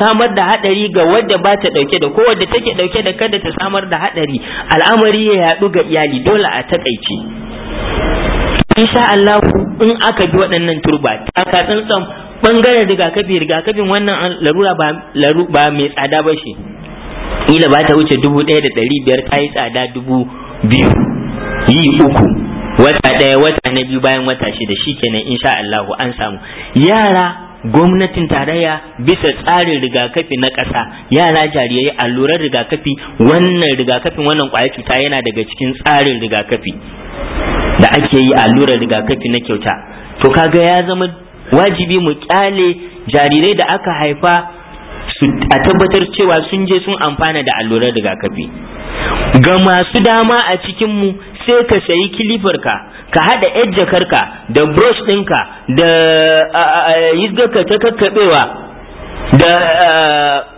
samar da hadari ga wadda ba ta dauke da ko wadda take dauke da kada ta samar da hadari al'amari ya yadu ga iyali dole a takaice insha Allah in aka bi waɗannan turba ta tsantsan bangaren rigakafi rigakafin wannan larura ba mai tsada ba shi ila ba ta wuce dubu ɗaya da ɗari biyar ta yi tsada dubu biyu yi uku wata ɗaya wata na biyu bayan wata shida kenan insha Allah an samu yara gwamnatin tarayya bisa tsarin rigakafi na ƙasa yara jarirai allurar rigakafi wannan rigakafin wannan ƙwayar cuta yana daga cikin tsarin rigakafi da ake yi allurar rigakafi na kyauta to kaga ya zama wajibi mu kyale jarirai da aka haifa a tabbatar cewa sun je sun amfana da allurar rigakafi ga masu dama a cikinmu sai ka sayi kilifarka ka haɗa yar jakarka da brush ɗinka da yizgarka ta kakkaɓewa da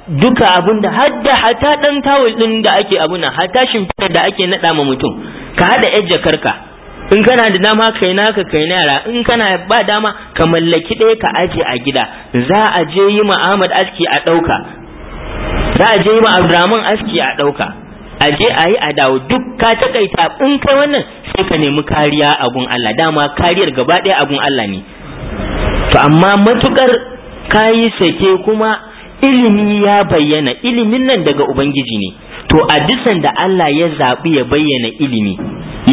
duka abun da hadda hata ɗan tawul ɗin da ake abuna hata shimfiɗa da ake naɗa ma mutum ka haɗa yar jakarka in kana da dama kai naka kai yara in kana ba dama ka mallaki ɗaya ka aje a gida za a je yi ma aski a ɗauka za a je yi ma aski a ɗauka a je a yi a dawo duk ka takaita in kai wannan sai ka nemi kariya a gun Allah dama kariyar gaba ɗaya a gun Allah ne to amma matukar yi sake kuma ilimi ya bayyana ilimin nan daga ubangiji ne to a dusan da Allah ya zaɓi ya bayyana ilimi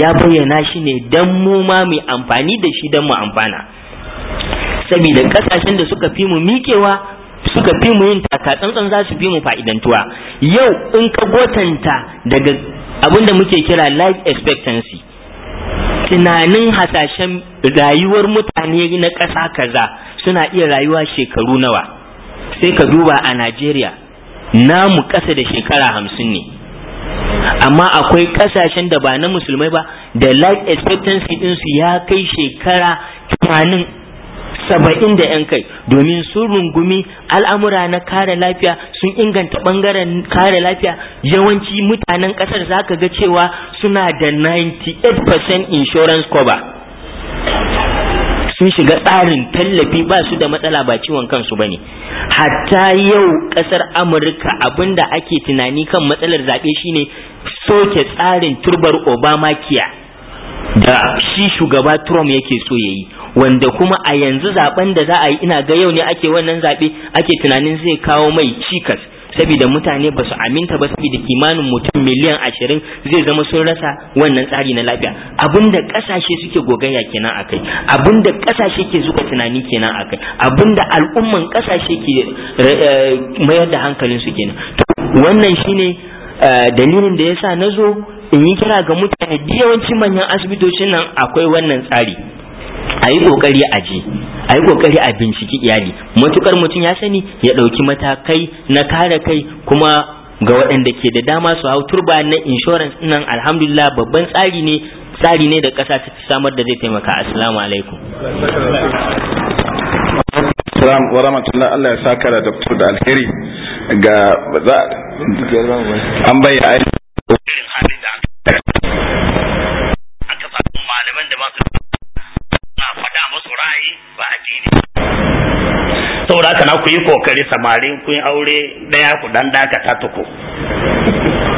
ya bayyana shi ne don mu ma mu amfani da shi don mu amfana saboda ƙasashen da suka fi mu mikewa suka fi mu yin taka tsantsan za su fi mu fa'idantuwa yau in ka gotanta daga abin da muke kira life expectancy tunanin hasashen rayuwar mutane na ƙasa kaza suna iya rayuwa shekaru nawa sai ka duba a Najeriya namu ƙasa da shekara hamsin ne amma akwai ƙasashen da ba na musulmai ba da life expectancy ɗinsu ya kai shekara tunanin saba'in da 'yan kai domin sun rungumi al'amura na kare lafiya sun inganta bangaren kare lafiya yawanci mutanen kasar za ka ga cewa suna da 98% insurance cover sun shiga tsarin tallafi ba su da matsala ba ciwon kansu ba ne hatta yau kasar amurka abinda ake tunani kan matsalar zaɓe shine soke tsarin turbar obama kiya da shi shugaba trump yake so ya yi wanda kuma a yanzu zaben da za a yi ina ga yau ne ake wannan zaɓe ake tunanin zai kawo mai cikas saboda mutane ba su aminta ba saboda kimanin mutum miliyan ashirin zai zama sun rasa wannan tsari na lafiya abinda kasashe suke gogayya kenan akai abinda kasashe ke zuba tunani kenan akai abinda al'umman kasashe ke eh, eh, mayar da hankalin su kenan wannan shine eh, dalilin da yasa nazo in yi kira ga mutane da yawancin manyan asibitocin nan akwai wannan tsari a yi kokari a ji a yi kokari a binciki iyali matukar mutum ya sani ya ɗauki matakai na kare kai kuma ga waɗanda ke da dama su hau turba na insurance nan alhamdulillah babban tsari ne tsari ne da ƙasa ta samar da zai taimaka assalamu alaikum wa rahmatullah Allah ya saka da doktor da alheri ga za an bai bayyana halin da aka malaman da masu faɗa musu ra'ayi ba addini saboda haka na ku yi kokari samari ku yi aure ɗaya ku dan dakata tuku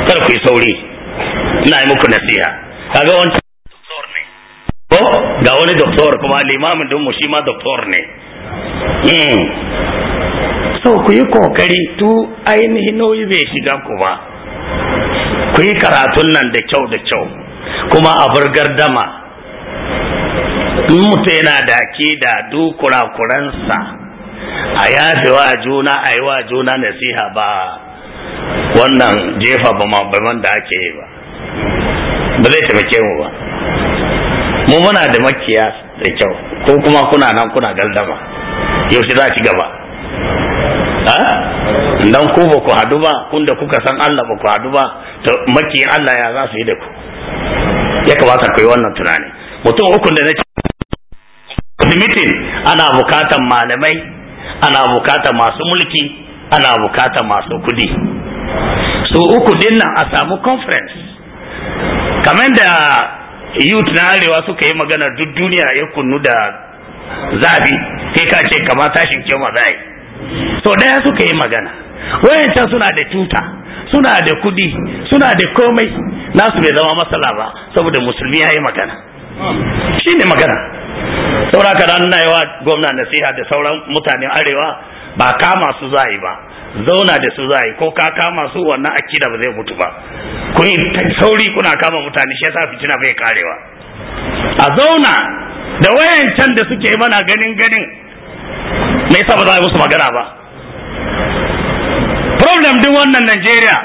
kar ku yi sauri ina yi muku nasiha kaga wani doktor ne ko ga wani doktor kuma limamin dinmu shi ma doktor ne hmm. so ku yi kokari tu ainihin nauyi bai shiga ku ba ku yi karatun nan da kyau da kyau kuma a burgar dama. mutu yana dake da duk kurakuransa a yafe wa juna a yi wa juna nasiha ba wannan jefa baman da ake yi ba ba zai taimake mu ba mu muna da makiya da kyau ko kuma kuna nan kuna galdama yaushe za ci gaba dan ku ba ku hadu ba kun da kuka san Allah ba ku hadu ba to makiyin Allah ya za su yi da ku ya kamata ku yi wannan tunani mutum ukun da na limitin ana bukatan malamai ana bukatan masu mulki ana bukatan masu kudi su uku dinnan a samu conference kamar da youth na arewa suka yi magana duk duniya ya kunnu da zabi sai ka ce kama tashin kyau za yi so daya suka yi magana wayancan suna da tuta suna da kudi suna da komai nasu bai zama matsala ba saboda musulmi ya yi magana shi ne magana saura ka ranar na yawa gwamna nasiha da sauran mutane arewa ba kama su zai ba zauna da su zai ko ka kama su wannan akida ba zai mutu ba kun sauri kuna kama mutane shi yasa fitina bai karewa a zauna da wayancan da suke mana ganin ganin me yasa ba za a musu magana ba problem din wannan Najeriya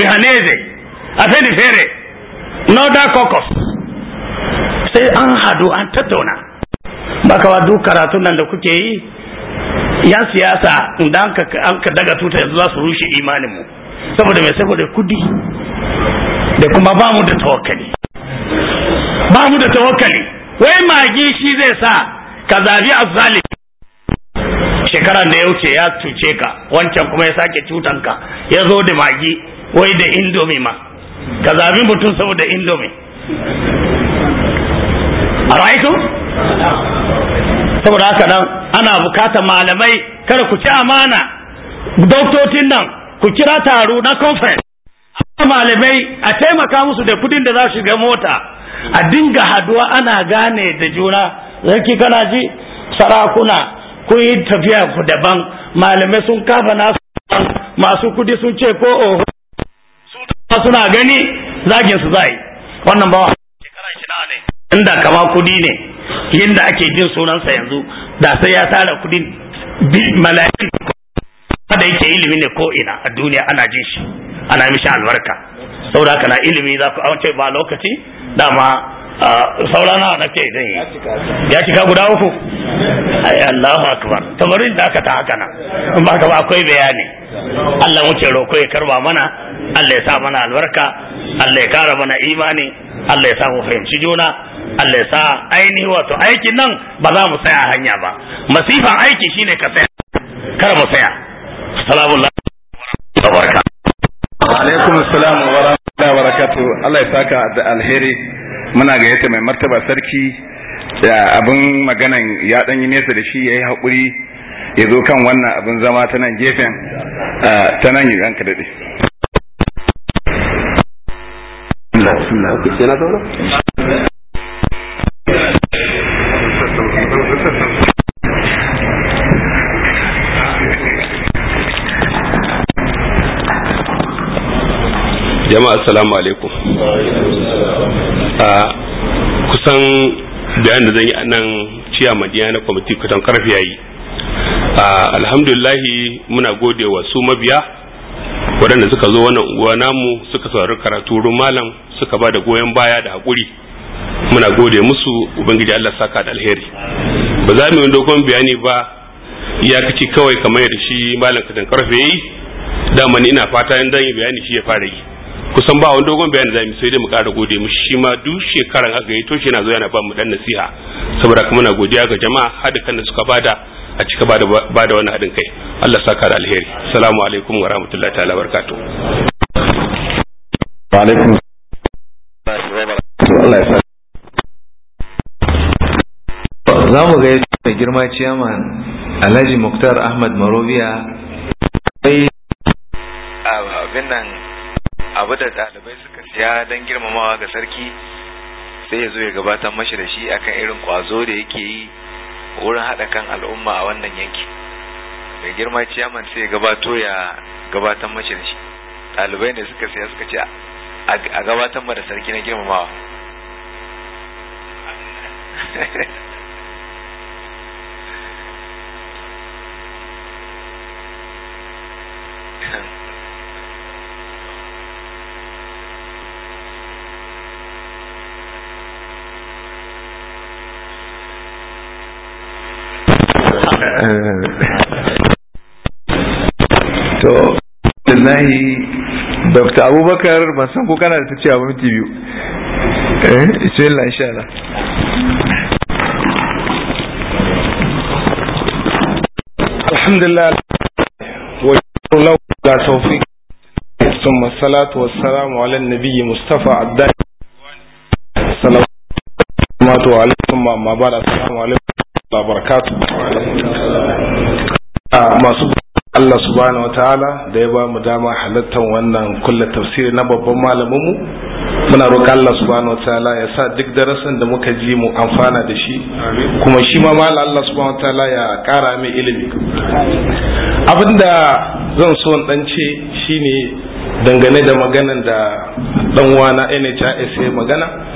Ihaneze fere Northern Caucus sai an hadu an tattauna bakawa duk karatun nan da kuke yi yan siyasa idan an ka daga tuta yanzu za su rushe imanin mu saboda mai saboda kudi da kuma ba mu da tawakkali ba mu da tawakkali wai magi shi zai sa ka zabi azzali shekaran da ya wuce ya cuce ka wancan kuma ya sake cutanka, ya zo da magi wai da indomi ma ka zabi mutum saboda indomi ara'aytum saboda haka nan ana bukatar malamai kada ku ci amana doktocin nan ku kira taro na conference malamai a taimaka musu da kudin da za su shiga mota a dinga haduwa ana gane da juna zaki kana ji sarakuna ku yi tafiya ku daban malamai sun kafa nasu masu kudi sun ce ko oho suna gani zagin su zai wannan bawa shekara shida ne inda kama kudi ne yadda ake jin sunansa yanzu da sai ya tara kudin mala'iki da yake ilimi ne ko ina a duniya ana jin shi ana mishi albarka saboda haka na ilimi za ku ce ba lokaci dama saurana na ce zan yi ya cika guda uku ai Allahu akbar tabarin da aka ta haka nan in ba ba akwai bayani Allah muke roko ya karba mana Allah ya sa mana albarka Allah ya kara mana imani Allah ya sa mu fahimci juna Allah ya sa ainihi wato aikin nan ba za mu tsaya hanya ba masifan aiki shine ka tsaya kar mu tsaya assalamu alaikum wa alaikum assalam wa rahmatullahi wa barakatuh Allah ya saka da alheri muna gayyata mai martaba sarki abin maganan ya dan yi nesa da shi yayi hakuri ya zo kan wannan abin zama ta nan gefen ta nan yi ranka daɗe. Allah, Allah, jama'a assalamu alaikum kusan bayan da zan yi anan ciya madiya na kwamiti kutan karfi yayi alhamdulillahi muna gode wa su mabiya waɗanda suka zo wannan unguwa namu suka saurari karatu wurin malam suka ba da goyon baya da hakuri. muna gode musu ubangiji Allah saka da alheri ba za mu yi dokon bayani ba ya kaci kawai kamar da shi malam kadan karfi yayi dama ni ina fata in dan yi bayani shi ya fara yi kusan ba wani dogon bayani zai sai dai mu kara gode mu shi ma duk shekaran haka yayi to shi yana zo yana ba mu dan nasiha saboda kuma na godiya ga jama'a hada kan da suka bada a cika bada bada wannan hadin kai Allah saka da alheri assalamu alaikum wa rahmatullahi ta'ala barkatu wa alaikum za mu ga mai girma ciyaman alhaji muktar ahmad marobiya abin nan abu da ɗalibai suka siya don girmamawa ga sarki sai ya zo ya gabatar mashi da shi akan irin kwazo da yake yi wurin haɗa kan al'umma a wannan yanki mai girma ciyaman sai ya gabato ya gabatar mashi da shi ɗalibai ne suka siya suka ce a gabatar ma da sarki na girmamawa Eh, to lillahi dr abubakar ban san ko kana da ta cewa minti biyu eh bismillah insha Allah alhamdulillah wa lahu la tawfiq ثم الصلاة والسلام على النبي مصطفى الدائم sun ma ba da salamu عليكم Ah, masu Allah subhanahu wataala da ya ba mu dama halattar wannan kulle tafsiri na babban malaminmu muna roƙa Allah subhanahu wataala ya sa duk darasin da muka ji mu amfana da shi kuma shi ma malam Allah subhanahu wataala ya ƙara mai ilimi abinda zan so in dan ce shine dangane da maganan da dan wana NHIS magana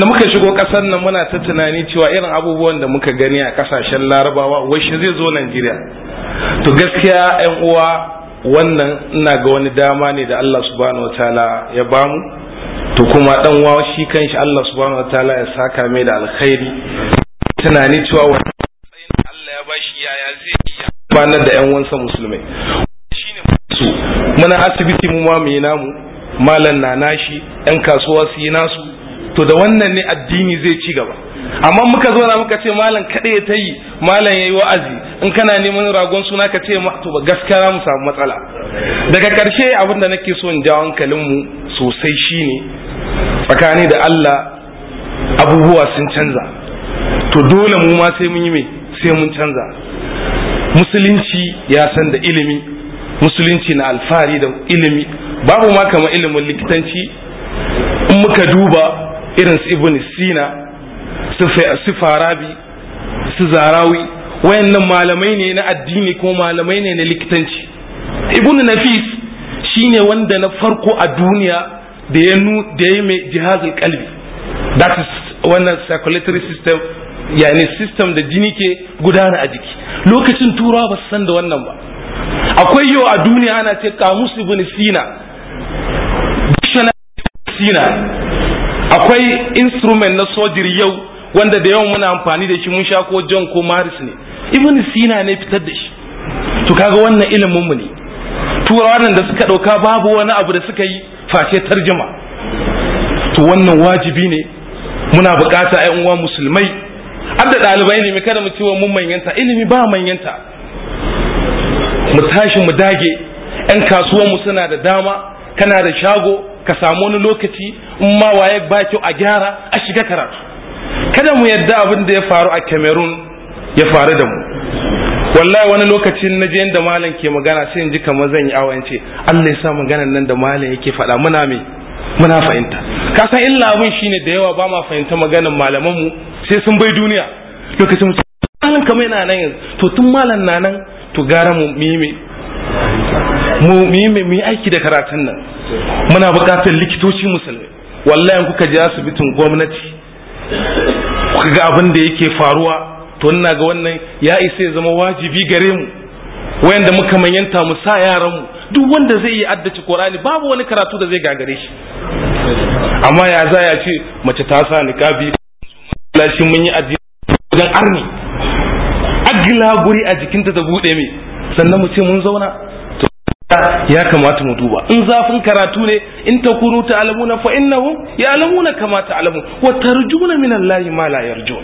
da muka shigo kasar nan muna ta tunani cewa irin abubuwan da muka gani a kasashen larabawa washe zai zo najeriya to gaskiya yan uwa wannan ina ga wani dama ne da allah subhanahu wa ta'ala ya bamu to kuma dan uwa shi kanshi allah subhanahu wa ta'ala ya saka mai da alkhairi tunani cewa wannan allah ya bashi yaya zai iya banar da yan wansa musulmai ne su muna asibiti mu ma mu yi namu malam na nashi yan kasuwa su yi nasu to da wannan ne addini zai ci gaba amma muka zo na muka ce malam kaɗai ya tayi, malam ya wa'azi in kana neman ragon suna ka ce to ba mu samu matsala daga karshe abin da nake so in jawo mu sosai shine tsakani da Allah abubuwa sun canza to dole mu ma sai mun yi me sai mun canza musulunci ya san da ilimi musulunci na alfahari da ilimi babu ma kamar ilimin likitanci in muka duba irin su ibn sina su farabi su zarawi wayannan malamai ne na addini ko malamai ne na likitanci ibn nafis shine wanda na farko a duniya da ya nu mai jihazin kalbi that is wannan circulatory system yani system da jini ke gudana a jiki lokacin turawa ba su san da wannan ba akwai yau a duniya ana ce kamus ibn sina sina akwai instrument na sojiri yau wanda da yawan muna amfani da shi mun sha ko john ko maris ne ibn sina ne fitar da shi to kaga wannan ilimin mu ne turawa nan da suka dauka babu wani abu da suka yi face tarjuma to wannan wajibi ne muna bukata ai uwa musulmai adda dalibai ne kada mu cewa mun manyanta ilimi ba manyanta mu tashi mu dage yan kasuwan mu suna da dama kana da shago ka samu wani lokaci in ma waye ba kyau a gyara a shiga karatu kada mu yadda abin da ya faru a cameroon ya faru da mu wallahi wani lokacin na je da malam ke magana sai in ji kamar zan yi awa ce Allah ya sa maganar nan da malam yake faɗa muna me muna fahimta ka san illa abin shine da yawa ba ma fahimta maganar malaman mu sai sun bai duniya lokacin mutum malam kamar yana nan yanzu to tun malam na nan to gara mu mu yi mu aiki da karatun nan muna bukatar likitoci musulmi wallahi kuka je asibitin gwamnati kuka ga abin da yake faruwa to ina ga wannan ya isa ya zama wajibi gare mu wayanda muka manyanta mu sa yaran mu duk wanda zai yi addaci Qur'ani babu wani karatu da zai gagare shi amma ya za ya ce mace ta sa niqabi lashi mun yi addini dan arni agila guri a jikinta da bude mai. sannan mu ce mun zauna ya kamata mu duba in zafin karatu ne in ta ta alamuna fa ya alamuna kama alamu. wa tarjuna min Allahi ma la yarju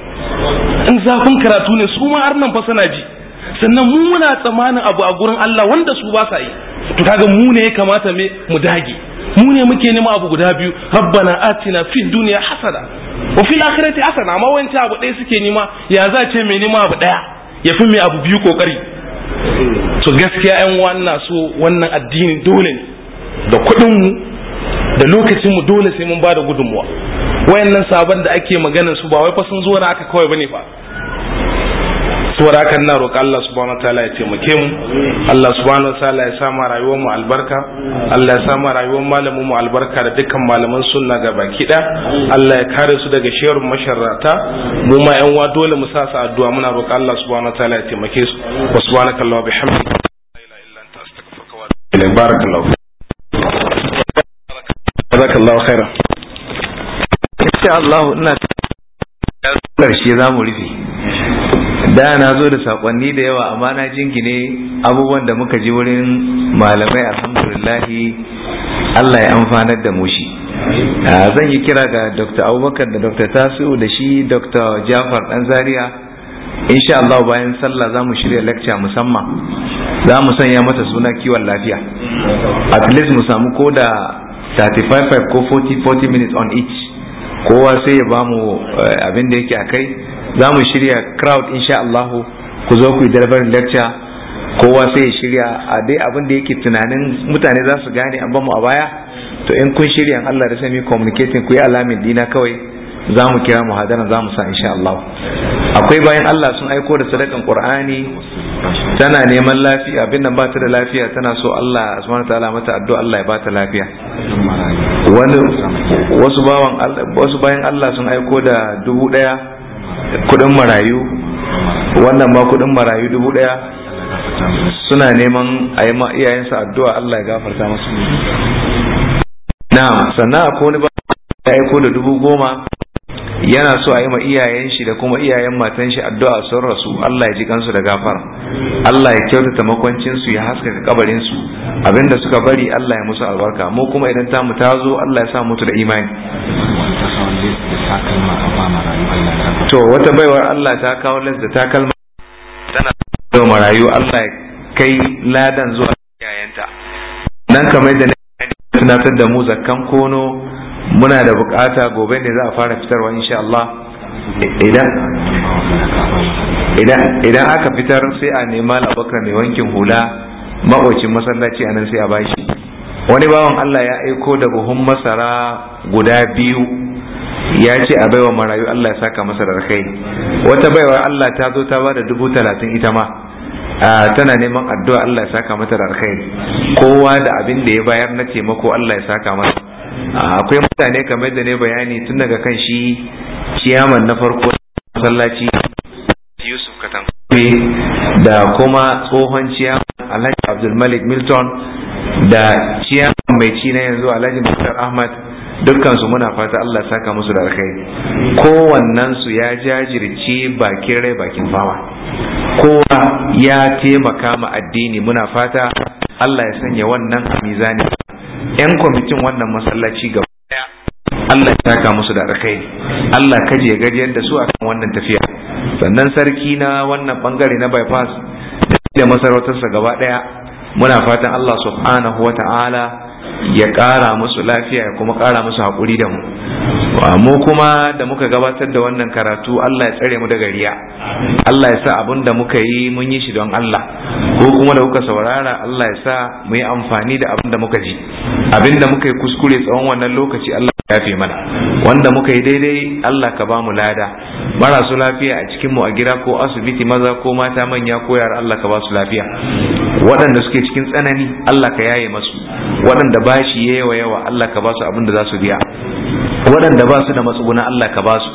in zafin karatu ne su ma arnan fa sana ji sannan mu muna tsamanin abu a gurin Allah wanda su ba sa yi to kaga mu ne ya kamata me mu dage mu ne muke nema abu guda biyu rabbana atina fi dunya hasana wa fil akhirati hasana amma wancan abu ɗaya suke nema ya za ce me nema abu ɗaya ya fi me abu biyu kokari to gaskiya yan wannan so wannan addini dole ne da mu da lokacin mu dole sai mun ba da gudunmuwa wayannan sabon da ake magana su ba wai fa sun zo na aka kawai bane fa saboda haka ina roƙa Allah subhanahu wataala ya taimake mu Allah subhanahu wataala ya sa ma rayuwar mu albarka Allah ya sa ma rayuwar malamin mu albarka da dukkan malaman sunna gaba kida Allah ya kare su daga sharrin masharrata mu ma yan uwa dole mu sa su addu'a muna roƙa Allah subhanahu wataala ya taimake su wa subhanakallahu bihamdika la ilaha illa anta astaghfiruka wa atubu ilayk barakallahu barakallahu khairan insha Allah ina shi za mu rufe da na zo da sakonni da yawa amma na jingine abubuwan da muka ji wurin malamai alhamdulillah. Allah ya amfanar da mu shi zan yi kira ga dr abubakar da dr tasiu da shi dr jafar dan zaria insha Allah bayan sallah za mu shirya lecture musamman za mu sanya mata suna kiwon lafiya at least mu samu ko da 35 ko 40 40 minutes on each kowa sai ya bamu eh, abin da yake a kai za mu shirya crowd insha Allah ku zo ku yi darbar lecture kowa sai ya shirya a dai abin da yake tunanin mutane za su gane an bamu a baya to in kun shirya Allah da sami communicating ku yi alamin dina kawai za mu kira mu hadana, za mu sa insha Allah akwai bayan Allah sun aiko da sadakan Qur'ani tana neman lafiya abin nan ba ta da lafiya tana so Allah subhanahu ta'ala mata addu'a Allah ya bata lafiya wani wasu bawan wasu bayan Allah sun aiko da dubu daya kudin marayu wannan ma kudin marayu dubu daya suna neman a yi ma addu'a Allah ya gafarta masu na'am sannan akwai wani ba ya aiko da dubu goma yana so a yi ma iyayen shi da kuma iyayen matan shi addu'a sun rasu Allah ya ji kansu da gafar. Allah ya kyautata makwancin su ya haskaka kabarin su abinda suka bari Allah ya musu albarka mu kuma idan ta mu zo, Allah ya sa mutu da imani je a ba marayu Allah ya to wata baiwar Allah ta kawo ta takalma tana da marayu Allah ya kai ladan zuwa yayanta nan kamar da tunatar da mu zakkan kono muna da bukata gobe ne za a fara fitarwa insha Allah idan idan aka fitar sai a nema labakar mai wankin hula maƙocin masallaci a nan sai a bashi wani bawan Allah ya aiko da buhun masara guda biyu ya ce a baiwa marayu Allah ya saka masa da rakai wata baiwa Allah ta zo ta bada dubu talatin ita ma tana neman addu'a Allah ya saka mata da rakai kowa da abin da ya bayar na taimako Allah ya saka masa akwai mutane kamar da ne bayani tun daga kan shi ciyaman na farko masallaci Yusuf Katan da kuma tsohon ciyaman Alhaji Abdul Malik Milton da ciyaman mai ci na yanzu Alhaji Muktar Ahmad dukkan su muna fata Allah saka musu da alkhairi kowannen su ya jajirce bakin rai bakin fama kowa ya taimaka ma addini muna fata Allah ya sanya wannan a mizani yan kwamitin wannan masallaci gaba Allah ya saka musu da alkhairi Allah kaje ya gajiyar da su akan wannan tafiya sannan sarki na wannan bangare na bypass da masarautarsa gaba daya muna fatan Allah subhanahu wa ta'ala ya ƙara musu lafiya ya kuma ƙara musu haƙuri da mu mu kuma da muka gabatar da wannan karatu Allah ya tsare mu daga riya Allah ya sa abin da muka yi mun yi shi don Allah ko kuma da kuka saurara Allah ya sa mu yi amfani da abin da muka ji abin da muka yi kuskure tsawon wannan lokaci Allah ya fi mana wanda muka yi daidai Allah ka ba mu lada marasu lafiya a cikin mu a gida ko asibiti maza ko mata manya ko yara Allah ka ba su lafiya waɗanda suke cikin tsanani Allah ka yaye masu waɗanda bashi yawa yawa Allah ka basu abin da za su biya waɗanda ba su da matsuguna Allah ka ba su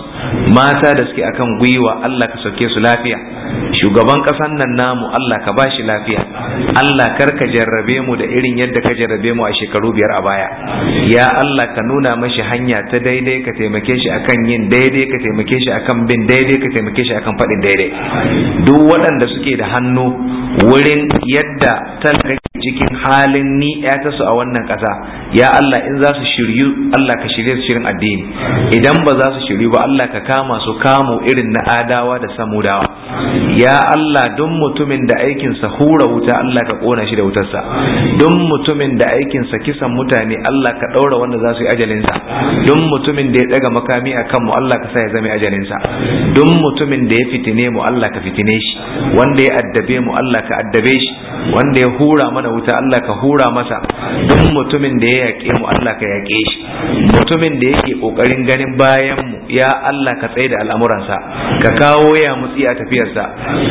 mata da suke akan gwiwa Allah ka sauke su lafiya shugaban ƙasan nan namu Allah ka ba shi lafiya Allah kar ka jarrabe mu da irin yadda ka jarrabe mu a shekaru biyar a baya ya Allah ka nuna mashi hanya ta daidai ka taimake shi akan yin daidai ka taimake shi akan bin daidai ka taimake shi akan faɗin daidai duk waɗanda suke da hannu wurin yadda talaka jikin halin ni ta su a wannan ƙasa ya Allah in za su shiryu Allah ka shirye su shirin addini idan ba za su shiryu ba Allah ka kama su kamo irin na adawa da samudawa ya Allah don mutumin da aikinsa hura wuta Allah ka kona shi da wutarsa don mutumin da aikinsa kisan mutane Allah ka ɗaura wanda za su yi sa don mutumin da ya ɗaga makami a kanmu Allah ka sa ya zama ajalinsa don mutumin da ya fitine mu Allah ka fitine shi wanda ya addabe mu Allah ka addabe shi wanda ya hura mana mana wuta Allah ka hura masa duk mutumin da ya yaƙe mu Allah ka yaƙe shi mutumin da yake ƙoƙarin ganin bayan mu ya Allah ka tsaye da al'amuransa ka kawo ya mutsi a tafiyarsa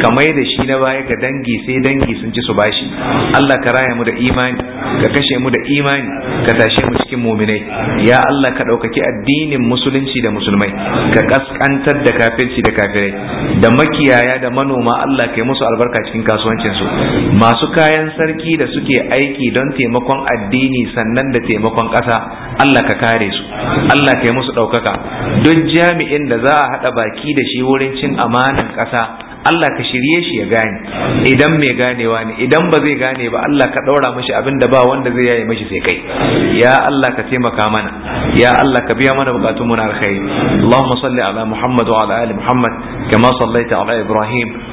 ka mai da shi na baya ka dangi sai dangi sun ci su bashi Allah ka raya mu da imani ka kashe mu da imani ka tashe mu cikin muminai ya Allah ka ɗaukaki addinin musulunci da musulmai ka kaskantar da kafirci da kafirai da makiyaya da manoma Allah ka yi musu albarka cikin kasuwancinsu masu kayan sarki da da suke aiki don taimakon addini sannan da taimakon ƙasa Allah ka kare su Allah ka yi musu ɗaukaka duk jami'in da za a haɗa baki da shi wurin cin amanan ƙasa Allah ka shirye shi ya gane idan mai ganewa ne idan ba zai gane ba Allah ka ɗaura mashi abin da ba wanda zai yaye mashi sai kai ya Allah ka taimaka mana ya Allah ka biya mana bukatun mu na alkhairi Allahumma salli ala Muhammad wa ala ali Muhammad kama sallaita ala Ibrahim